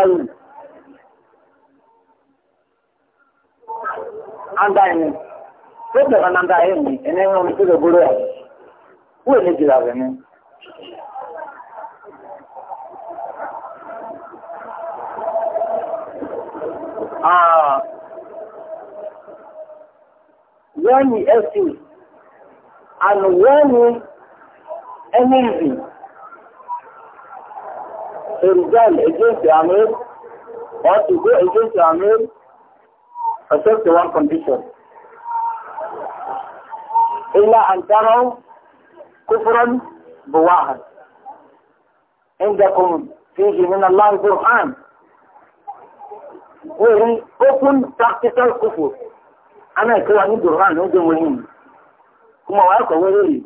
láì. anda ẹni tó bẹ̀rẹ̀ náà anda ẹni ẹni wọn tó lè gbóró ẹ̀ wọ́n èlé jìlá rẹ̀ ni. Wọ́n yí ẹ̀sìn àná wọ́n yí ẹni ìrìn èròjà ẹ̀jẹ̀ ìsìn àmì ọ̀ tìgbó ẹ̀jẹ̀ ìsìn àmì except the one condition. إلا أن تروا كفرا بواها عندكم فيه من الله برهان وهي open practical kufur أنا كوا ní burhan ó jẹ́ mọ́yìn kuma wàá kọ̀ wẹ́rẹ́ yìí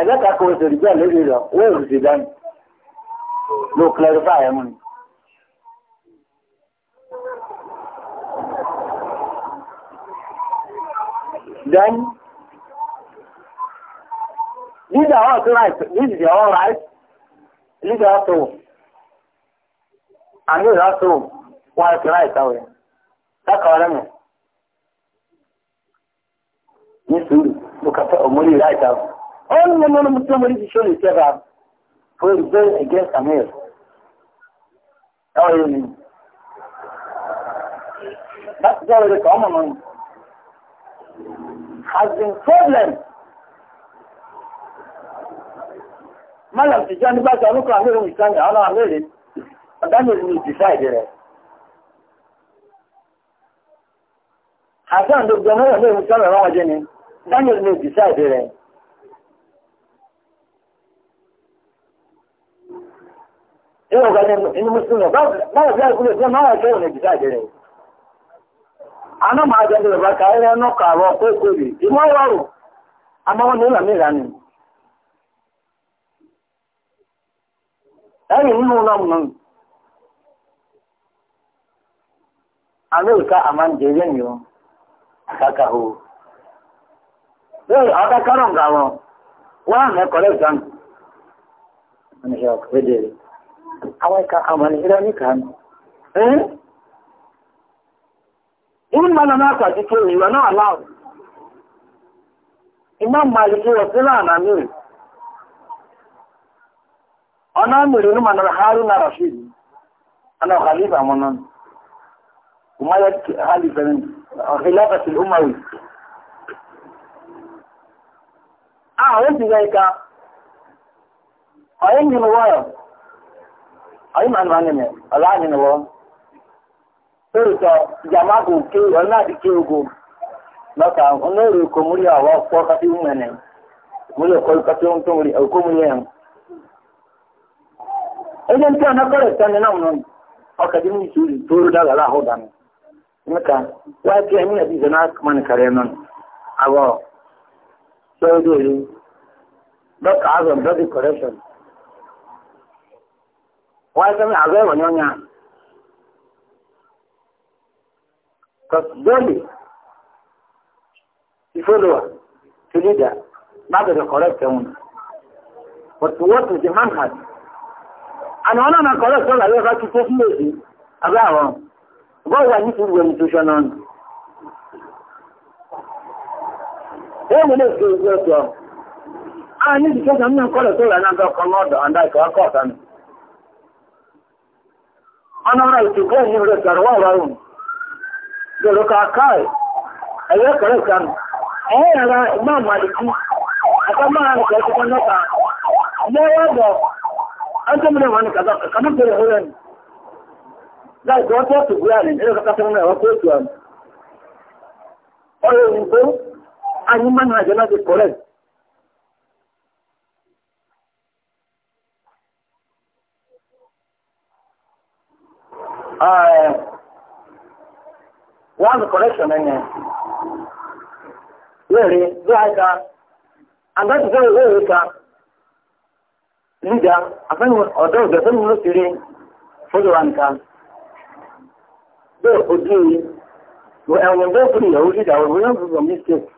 ẹ̀dẹ́ka kò wẹ́sẹ̀ rìjẹ́ lórí rẹ̀ wọ́n ò sì dání ló clarify ẹ̀ mú ni. Then, these are all right. These are all right. These are also. And these are also what right away. That's all I mean. Nisu, mukata omori right out. All the men of the Muslim show themselves up for rebel against Amir. That's all you mean. That's all the common one. has been problem. Malam Tijan nígbà tí ọlọ́kọ̀ àmẹ́rin ìsáyà ọlọ́ àmẹ́rin ọ̀dánìyàn ni ìdìsáìdì rẹ̀. Àtàn ló gbọ́n mẹ́rin ọ̀dánìyàn ìsáyà ọ̀rọ̀ ọjọ́ ni Daniel ni ìdìsáìdì rẹ̀. Ìwọ̀n kan ní inú Mùsùlùmí, báwo bí a kúrò tí wọ́n máa wà ṣẹ́wọ̀n decide rẹ̀? ana ma ajọ ndị baba ka ahịrịa ka arụ ọkụ okweri ime ọrụ ọrụ amawa na ụlọ mmiri anyị ẹyìn nínú ụlọ m o àkàkà o bẹ́ẹ̀ ga wọn wọ́n àmì ka Even Malamaka declared, you are not allowed. Imam Malik was still an Amir. Ọ̀nà mìírí ní Manar Haruna Rashid, ana Khalifa Munan, kuma ya Khalifa ne, a uh, Khilafat al'Umawi. A wọ́n ti zai ka, ọ̀yẹ́ ni wọ́n, ọ̀yẹ́ ma'anu Sọ́rọ̀tọ̀ jama kò ké ìwọ̀n náà di ké ogun. Lọ́ta onóòrè kò múrí àwọ̀ pọ́ kátí ń mẹ́nẹ̀. Múrí ọ̀kọ́ kátí ń tó múrí ọ̀kọ́ múrí ẹ̀hún. Ẹjẹ́ ń tí ọ̀nà kọ́rẹ̀ sẹ́ni náà mú ọkàdé mú ìṣúrí tó rú dára láhùn Because dole, the follower, the leader, not the correct one. But what is the man had? And one of the correct one, I was si taking lazy. About one. What was this in the institution on? Then we need go to I need to get a new color to and I'm going to and I of dọ̀rọ̀ kàkà ẹ̀ ẹ̀yẹ́ kọ̀rẹ́ ìsàmù ẹ̀yẹ́ yàrá ìgbà màlìkì àtàmàrà nìkan ẹ̀kọ́ kan náà lọ́wọ́ bọ̀ ẹjọ́ mi náà wà ní kàkà kàkà bẹ̀rẹ̀ ọ̀rẹ́ ni láì ọjọ́ tó gbé kàkà tó àmì ọ̀rẹ́ òyìnbó one correction ẹni lórí bí a ka agbájú fẹ́ ìwé ìwé ka lídà afẹ́yìn ọ̀dọ́ ìgbẹ̀fẹ́ mi ló ti rí fọ́dọ̀ wa nìkan bẹ́ẹ̀ ojú yìí wọ ẹ̀wọ̀n bẹ́ẹ̀ fún ìyàwó lídà wọ̀ wọ́n fún ìwọ̀n mistake.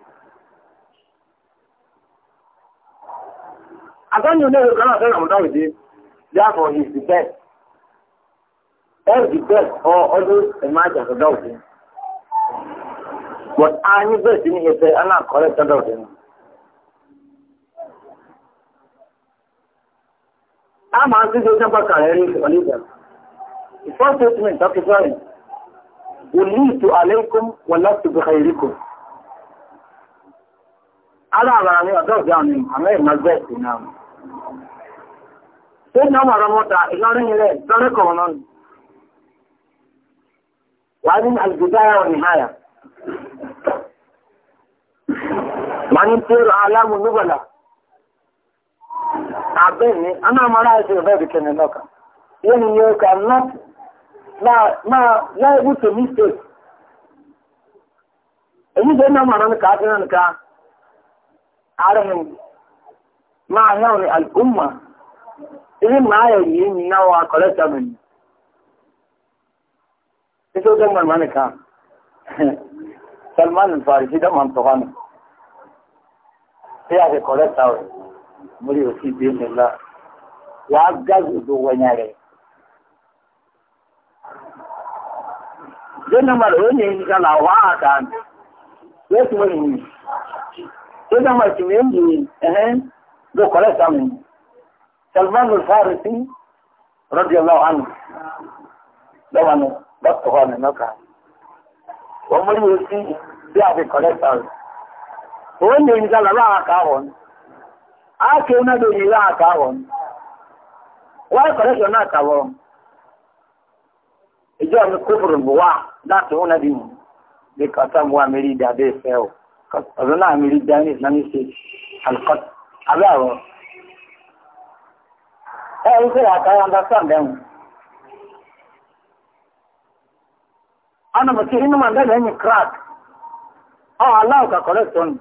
Agbájú ilé ìwé kan náà fẹ́ràn ọ̀dọ́ ìdí therefore he as ọ̀dọ́ But any person is an correct under them. I'm answering the example career religion. The first statement, will lead to be Dr. Ibrahim, وليت عليكم ولست بخيركم. على رامي أدرس يعني أمير مزبط نعم. سيدنا عمر موتا إجارين إليه تركوا من وهذه البداية والنهاية wani tero alamu nubala abin ne ana mara ya ce bai da kenan doka yin yau ka not na na able to mistake èyí tó náà mara nìka àti nìka ààrẹ̀hìn máa yáwọn ni al'umma ilé máa yẹ̀ e yìí ni náà salman al-farisi dá sai aka korata wa muri wa fi biyan lalla wa gazu do wani yare dan ma da wani yin kana wa ta ya su wani ni dan ma ki ne ni eh do korata mu Salman al-Farisi radiyallahu anhu da wani ba ta wani naka wa muri wa fi biyan lalla onye njala laa ka ahụ aka onado yi laa ka ahụ why correction na tawọ ìjọ mi kófòrò bò wá láti wọn nàbí mu bí kàtà mu amẹ́ríkà bẹ́ẹ̀ fẹ́ o ọ̀dọ́ náà amẹ́ríkà ní islamic state understand crack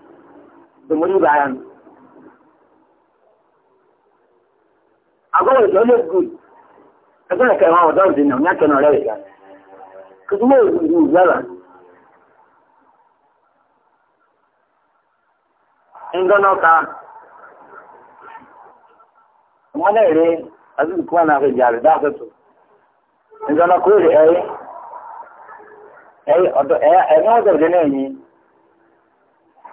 ìmúrí bàrà nù. Àgọ́wọ̀ ìjọ lè gùn. Ẹgbẹ́ ẹ̀kẹ́ wọn ọ̀dọ́ ìdènà ní àkẹ́nà rẹ̀ ìgbà. Kìtìmọ̀ ìlú ìgbàlá. Ìgbọ́nọ́ka. Wọ́n lè rí àdúgbò kúrò náà fi jàrí dáàtọ̀tọ̀. Ìgbọ́nọ́kúrò ẹ̀rí. Ẹ̀rí ọ̀dọ̀ ẹ̀rí ọ̀dọ̀ ìdènà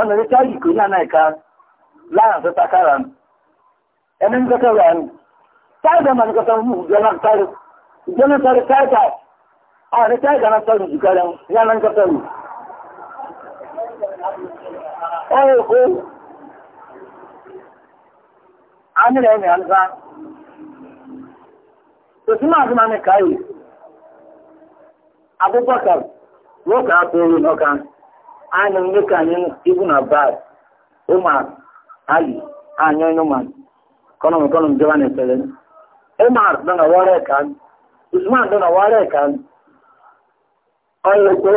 ọ̀nà ní káàkiri kò ní ànáìka láàrín tó takára ní ẹni ní kọ́kọ́rọ̀ ní táìdà máa ní kọ́kọ́rọ̀ mú ìjọba sáré ìjọba sáré táìdà àwọn ní táìdà náà sáré jù kárẹ̀ yánà ní kọ́kọ́rọ̀ ọ̀rọ̀ èkó àmìlẹ̀ ẹ̀mì àlùfà tòsí máa fi anyị nwoke anyị ibu na bad ụmụ ali anyị onye ụmụ kọnọm kọnọm jọba na ekele dọ na wara ekan usman dọ na wara ekan ọlọkọ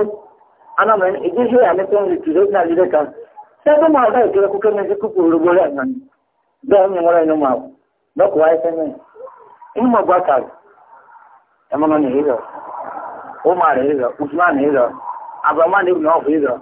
anamọ ìdíje ya ní nri ní àjíjẹ na sẹgbẹ máa bá ìkẹrẹ kúkẹ ní ẹsẹ kúkú orogbo na nà ní bẹẹ ní ụmụ ụmụ usman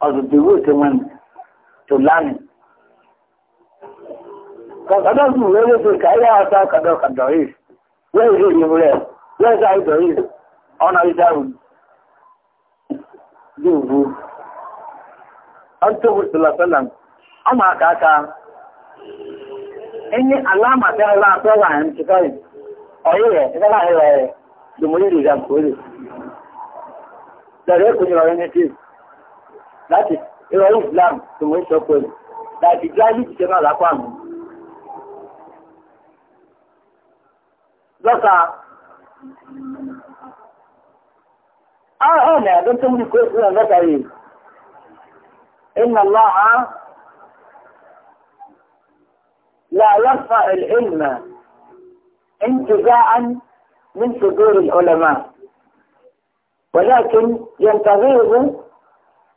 or the route when to learn. Kakadọ́ sì wẹ́rẹ́ pé káyà ọ̀tá kàdọ̀ kàdọ̀ yìí, wẹ́rẹ́ ìlú ìlú rẹ̀, wẹ́rẹ́ sáà ìdọ̀ yìí, ọ̀nà ìdáhùn. Bí òwú. Ọ́n tó wù sí lọ́sọ́lá, ọ máa kàákà. Ẹni ihe ọlá láti ìrọ̀lẹ́ islam tó mọ̀ ń sọ pẹ̀lú láti jáde ìṣẹ́ náà lápá mi. lọ́ka ahọ́n ẹ̀dọ́ tó ń bí kó ìṣúná lọ́ka yìí إن الله لا يرفع العلم انتزاعا من صدور العلماء ولكن ينتظره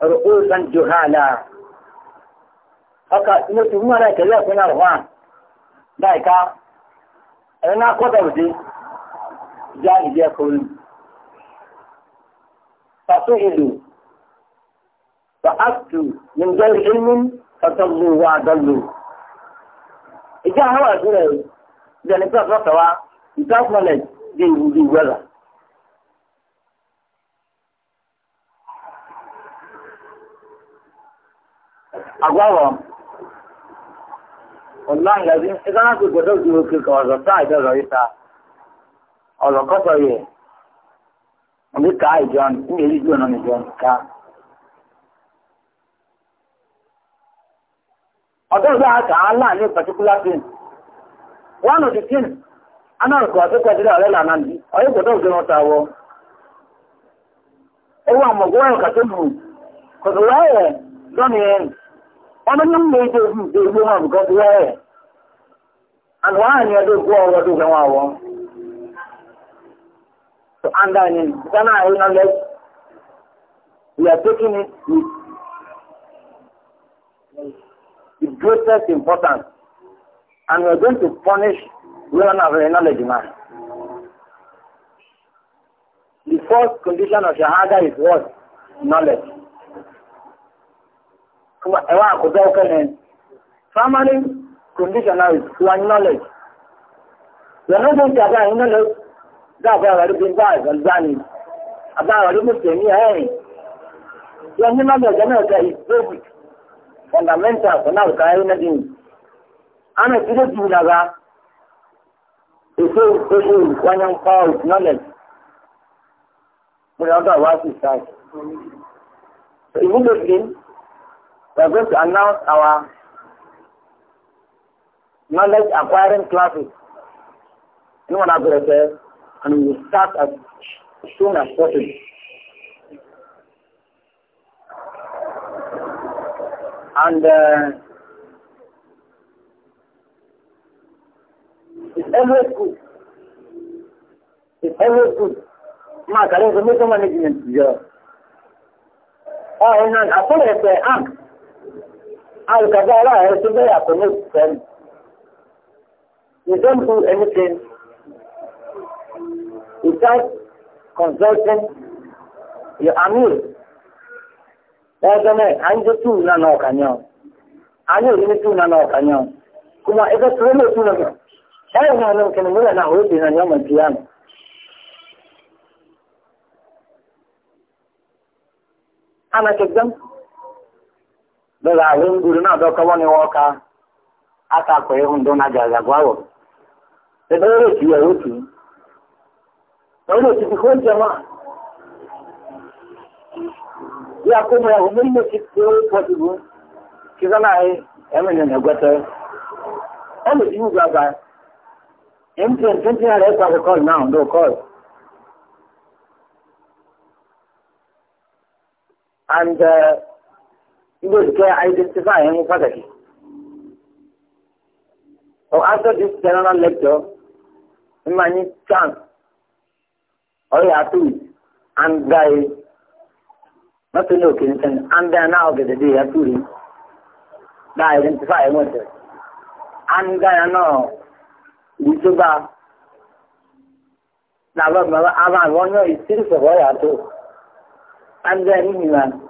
ru'usan juhala haka ina tu mara ka ya kuna ruwa dai ka ina ko da wuce ja ya ilu fa aktu min ghairi ilmin fatallu wa dallu ija hawa sura da ne fa fatawa ita kuma ne di agwagho wallahi lazim idan aka gwada zuwa kirka wa zata idan raita ọ̀rọ̀ kọ́sọ̀ yẹ ọdún ká ìjọun ní èyí jù ọ̀nà particular thing one of the anọ anárùkọ̀ àti kọjúlẹ̀ ọ̀rẹ́ lànà ní ọ̀yẹ́ gbọ́dọ̀ òjò wọn tàwọ̀ ewu àmọ̀gbọ́n ẹ̀ka tó ọmọ ní ilé ìjọ òfin ìjọ ìjọ wọn nǹkan tó wọ́rẹ̀ àwọn àní ọdún gbọ́ ọwọ́ so anda ni ghana ayé we are taking it with the greatest importance and we are going to punish women of our knowledge man the first condition of shahada is what knowledge kuma ẹwà àkójọ ọkọ ní primary conditional wa knowledge lọ́nà tó ń tàbí àwọn knowledge dáàbò àwárí bí bá ìgbàlùbáni àbá àwárí mùsùlùmí ẹ̀rìn yọ ní knowledge náà kẹ is basic fundamental for now kàá yín náà dìní àmì tí ó jù ìgbésẹ̀ ìwáyà ń kọ́ with knowledge mo ní ọdọ àwa sì sáà ìwúlò sí We are going to announce our knowledge acquiring classes. Anyone have read And we will start as soon as possible. And uh, it's always good. It's always good. Mark, My career is a management job. Oh, and I follow the act. alùpàdé ara rẹ̀ tó bẹ́ẹ̀ yàtọ̀ ní òṣìṣẹ́ You don't do anything without consulting your amir. Lẹ́gbẹ́ náà, à ń jẹ́ tù náà náà ọ̀kà ní ní tù náà náà ọ̀kà ní Kùmà eme tó lé náà náà ó lọ́la àwọn ìgbòrò náà dọ́kọ́wọ́ ni wọ́n ká ákàkọ̀ ẹ̀hún dọ́nà gàgàgbà ẹgbẹ́ rẹ̀ kì í ẹ̀rọ kì í. wọ́n ti fi kó jẹ máa. bí akómọ ẹ̀hún mi lè ti fi ó pọ̀ sí bú. kí sọ́nà ẹ̀ ẹ̀mí ni lè wù gbàgbà. mtn twenty pàṣẹ kọ́ọ̀lù náà kọ́ọ̀lù. and uh, Those can identify him fatherly. So after this general lecture, many chance all you have to and guy not to look in and now get the day have to they identify emotion. And guy now we na back now, I want to see the boy at all. And then,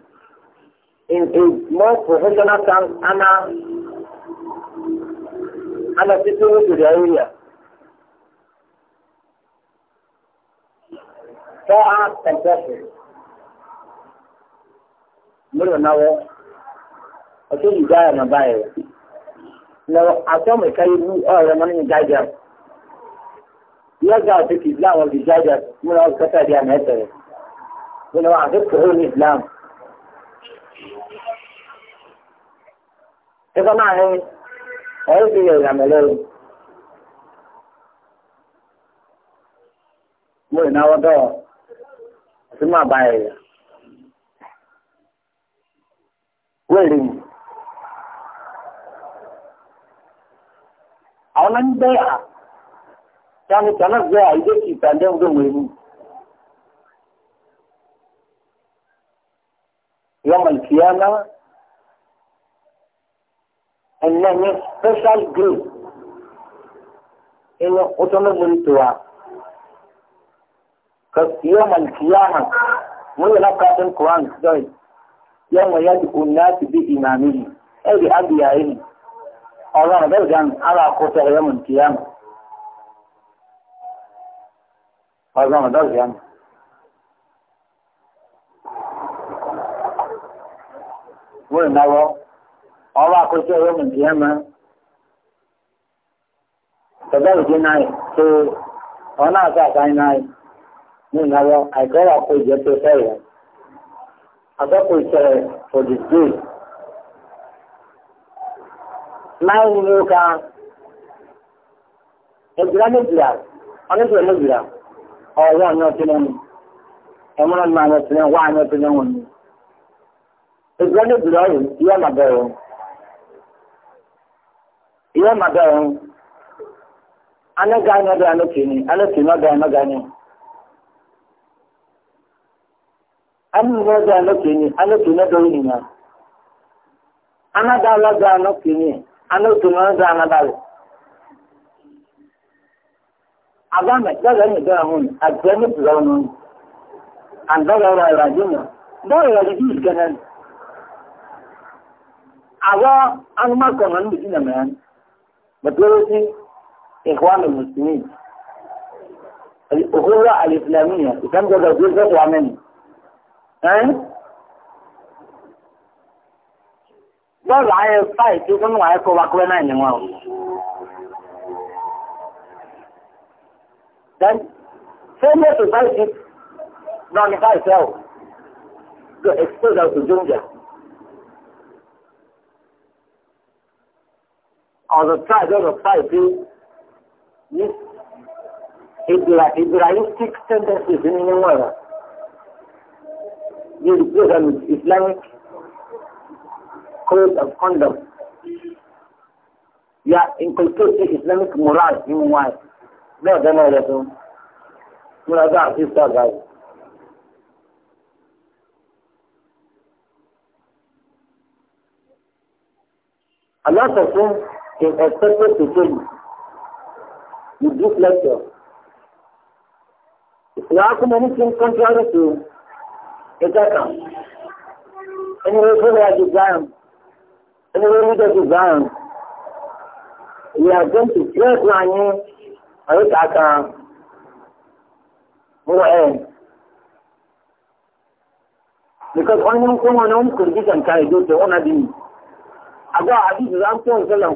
in a more professional terms, and accessible to the area. Four hours compression. Mero nawo, ọtí ìgbáyà nà báyìí. Lọ àtọ́mọ̀ ìka ibú ọ̀rọ̀ mọ́ nínú gájà. Yọ́gà àti kìí láwọn kìí gájà múra kọ́tà di àmì ẹ̀tẹ̀rẹ̀. Bí wọ́n àti kòrò ní Islam. Kíkọ́ máa ní ẹ̀rí ti yẹ ìyàmẹ̀ lẹ́yìn. Mo ìnáwó dọ̀ọ̀ sí máa bá ẹ̀yà. Wéèrè mi. Àwọn ẹni bẹ́ẹ̀ à. Sáni tọ́lá gbé àìdé kì í tàdé ń gbòmò èmi. Yọmọ ẹ̀nà ní special grade inú ọtọ́mọ́gbọ̀n tó wa ka yóò mọ̀ kíyàmà wọ́n yẹn lápá tó ń kọ́ àwọn sọ́ọ̀yì yóò mọ̀ yá dùkú náà ti bí ìmàmì yìí ẹ̀ bí abìyà yìí ọ̀rọ̀ ọ̀dọ́ ìdáhùn ara àkótọ́ yóò mọ̀ kíyàmà ọ̀rọ̀ ọ̀dọ́ ìdáhùn. Wọ́n náwó. ọwọ́ àkójọ yóò mọ̀ díẹ̀ mọ́. Bàbá òde náà tó ọ̀nà àti àtàyìn náà ní ìnáwó àìkọ́wà kó ìjẹ́ ụka. Ọ Àkọ́kọ́ ìṣẹ̀lẹ̀ for the day. Láì ní ó ọ ẹgbìlá méjìlá, ọ̀nẹ́gbìlá méjìlá, ọ̀wọ́ ọ̀nà ọ̀tí lẹ́nu. ọrụ na ìwé màdà ọ̀hún anẹ́gà anẹ́gà anẹ́kì ni anẹ́kì nọ́gà nọ́gà ni anẹ́gà anẹ́kì ni anẹ́kì nọ́gà yìí nà anẹ́gà nọ́gà anẹ́kì ni anẹ́kì nọ́gà anẹ́gà rẹ̀ abamẹ dọ́gà yìí dọ́gà hún àgbẹ̀ ní bùrọ̀ nù àdọ́gà rẹ̀ ìràjú nà dọ́gà rẹ̀ ìràjú yìí gẹ́gẹ́ anúmọ̀kọ̀ nà ń bìtì majority ikhwan al-muslimin al-ukhura al-islamiyya ikan jaga jaga tu amin eh bọ́ọ̀lù ayé fáì tí ó níwà ẹ́kọ́ wa kúrẹ́ náà nìwọ̀n then failure to fight it non-fight well to expose us to danger ọ̀rọ̀ tribe ọ̀rọ̀ tribe dé This Ibrahimic tendencies nínú wọn rẹ̀ yóò di program with Islamic code of conduct ya inculcating Islamic moral nínú wọn bẹ́ẹ̀ bẹ́ẹ̀ náà rẹ̀ tó múra bá àti Allah says is expected to change with this lecture. If you ask him anything contrary to it doesn't. Anyway, people are designed. Anyway, leaders designed. We are going to pray to Anyi Arikaka end Because only someone who could be some kind of duty, one of them. Ago, Abid Ram Tuan Salam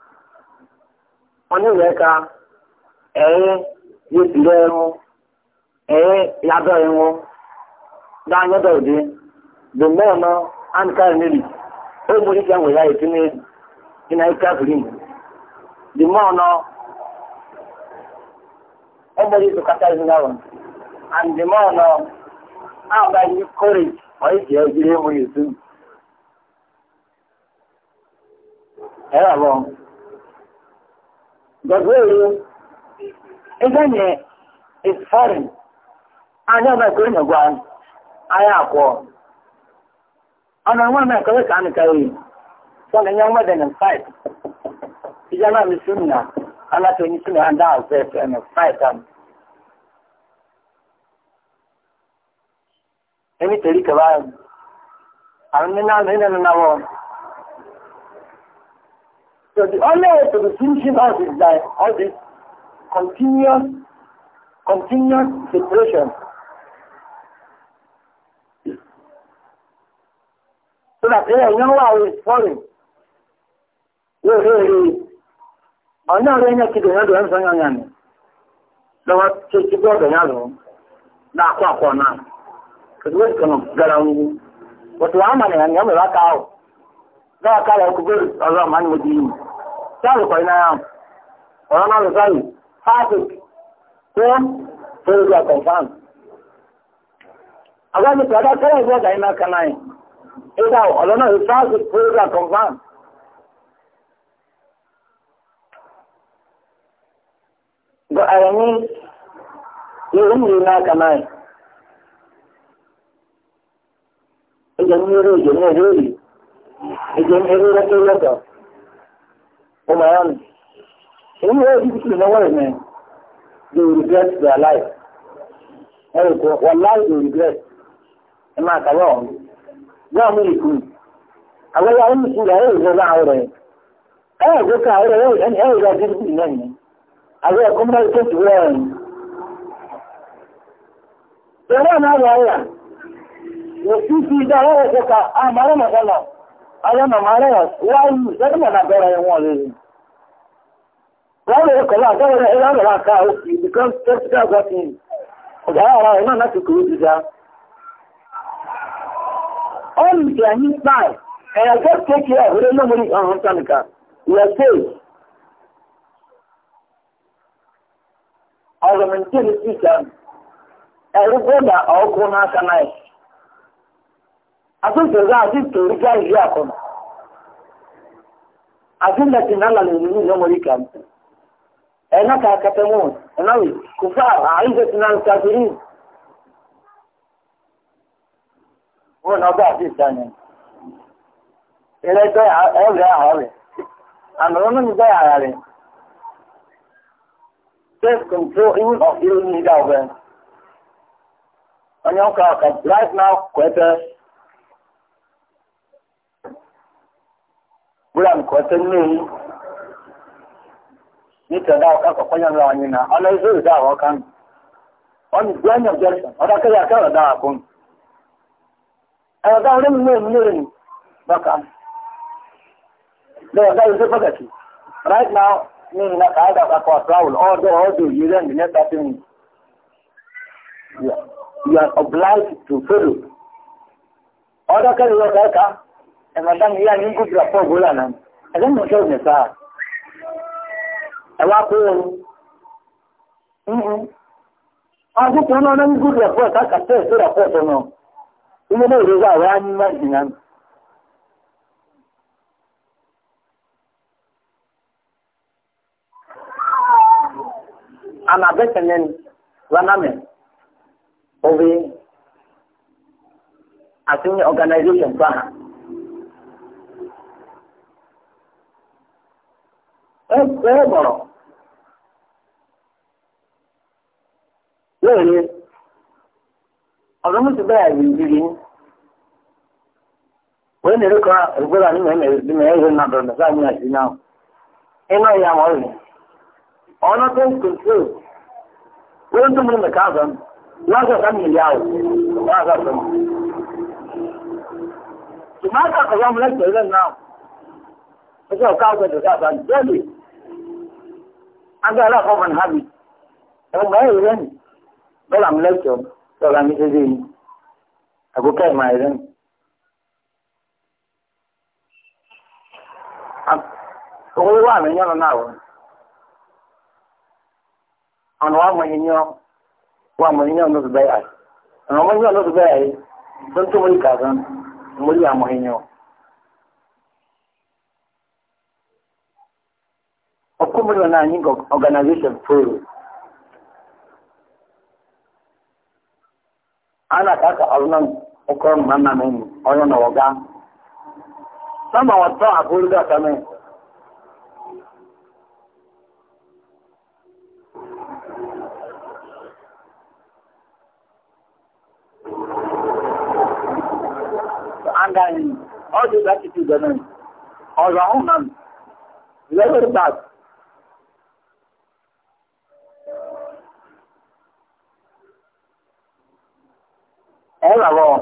oníwèé ka ẹ̀yẹ yóò tìlẹ̀ ẹ̀wọ̀n yàtọ̀ ẹ̀wọ̀n dáhùnyẹ́tọ̀ òde dùnmẹ́ẹ̀mọ àǹkáyọ̀ níbi ó múlí kí àwọn ìyá ètò iná ikú àfìrí dùnmọ́ ọ̀nà ó múlí tó kátà ìdúná àǹdùnmọ́ ọ̀nà àwọn àyè kórè ọ̀yẹ́kì ẹ̀jẹ̀ ẹ̀mú Gagoro, ịganye is foreign. Anya na ekwe na gwan, aya akwọ. Ana nwa na ekwe ka anyị karịrị. Sọna nye na fight. Ija na misi na ala to na ndị ahụ na fight am. Emi tere kaba. Arụmị na-anụ na So the only way to the finishing off is by all this continuous, continuous separation. So that here, you know oh, how it's falling. Yo, yo, yo. Ọ̀nà rẹ̀ ní ẹ̀kìdì ìrìnàjò ẹ̀ ń sọ́yàn yàn ni. Lọ́wọ́ tí ó ti gbọ́ ọ̀dọ̀ yàn lọ́wọ́. Náà kọ́ àkọ́ náà. Kìdúwé kan gara ń wú. Wọ́n ti wá mọ̀ nìyàn ni ọmọ ìwá ká ọ̀. za ka da ku gudu a zuwa mani madini ta da kwai na yawon wani na misali hafik ko sai zuwa confirm a za mu tsada kare zuwa da ina kana yi ita ọlọ́nà hafik ko zuwa confirm ga ayani yin yi na kana yi idan yi rai jini rai ìgbẹ́ ewúrẹ́ tó lọ́gà ó máa rán ewúrẹ́ yìí kìí lọ́wọ́ ìmẹ́ they regret their life ẹ̀rù kọ́ wọ́n láì they regret ẹ máa kàwé ọ̀hún yóò mú ìkú àwọn yàrá ní ìṣúra ẹ̀rù rẹ̀ láàárọ̀ rẹ̀ ẹ̀rù rẹ̀ ká ẹ̀rù rẹ̀ ẹ̀rù rẹ̀ dídí sí ìyẹn àwọn ẹ̀kọ́ mọ́ ti rẹ̀ ẹ̀rù. Ìrọ̀ náà wọ̀ ẹ̀yà, òfin ti dá ọ̀rọ̀ kọ́ka àmàlẹ́ mọ̀sálà. Ada mara ya wáyé lẹ́gbẹ̀ẹ́ náà bẹ̀rẹ̀ ẹ̀wọ̀n lórí. Wọ́n lè kọ̀lá àgbẹ̀rẹ̀ ẹ̀rọ àgbẹ̀rẹ̀ àká òkè nìkan tẹ́sítẹ́ àgbàfin. Ọ̀gá ara rẹ̀ náà láti kúrò dídá. Ó ń jẹ́ ní báyìí, ẹ̀yà tó kéèké ọ̀rẹ́ lómìnir ọ̀hún tánìkà, lọ sí ọ̀rọ̀mìntì ní sísá, ẹ̀rú gbọ́dà ọ̀ọ́kú náà asíntòrí asíntòrí gáàrí àkọ́nà asíntòrí nálà lè nínú ìlọ́mọ̀rí kàmù ẹ̀nà kàkàtà wọn ẹ̀nà rẹ̀ kò fà àríṣẹ́ ti náà kàfírí wọn náà bá àti ìtànà ẹ̀rẹ́ ẹ̀rẹ́ àárọ̀ rẹ̀ àmọ̀rọ̀ náà ní báyà ara rẹ̀ self control even of ill need our ọ̀nyọ́nkà kà right now kuran kotun ne ni ta da ka ko kwanya la wani na ana zo da wa kan on gwanya objection oda ka ya ka da kun ai da rin ne ne ne baka da da zo baka ki right now ni na ka da ka ko travel or do or do you then the next thing you are obliged to follow oda ka ya ka ẹ̀mọ̀tán ìyá ní kò tìrà pọ̀ gbólà náà ẹ̀lẹ́ mọ̀ tó ní sáà ẹ̀wà pé o ọdún tó náà ní kò tìrà pọ̀ káàkàtẹ́ ìtura pọ̀ tó náà ilé náà ìrẹ́gbà rẹ̀ á ní máa jìnnà àmà bẹ́tẹ̀lẹ́ ni lánàmẹ̀ òwe àti organization fáhàn ẹgbẹ́ ẹ̀bọ̀rọ̀ lóòrè ọ̀rọ̀ mọ́tò bẹ́ẹ̀ àyè ìdílé wọ́n nèrè kọ́ ìgbéra ní mẹ́rin ẹ̀yẹ́ náà na sáà ní àti náà iná ìyá wọn rẹ̀ ọ̀nà tó ń kòtò wọ́n tó mú mẹ́ka àgbọn lọ́sọ̀ sáà ní ìyá wọn wọ́n àgbà sọ ṣùgbọ́n àkàkọ̀ wọn mú lẹ́sọ̀ ilẹ̀ náà ẹjọ́ ọ̀ká àgbẹ̀dọ̀ sáà bá ń jẹ́lẹ̀ agbára ọmọ nàbì ẹgbẹ́ ìrẹ́ ni dọ́là mi lẹ́kọ̀ọ́ dọ́là mi ṣe ṣe ni àkókò ìmọ̀ ìrẹ́ ni. owó wà mí yànnà náà wọ̀ ọ̀nà wà mọ̀ yín yàn wà mọ̀ yín yàn lóṣù bẹ́ẹ̀ yà ọ̀nà wà mọ̀ yín yàn lóṣù bẹ́ẹ̀ yà yìí tó ń tó mọ̀ yìí kà sán mọ̀ yìí àmọ̀ yín yàn. okumuli ona nyinga organization furu ana kaka alunan okon mama meni oyo na woga sama wato abulga kame anga ni all ti gratitude them all round them very ẹ̀rọ àwọn.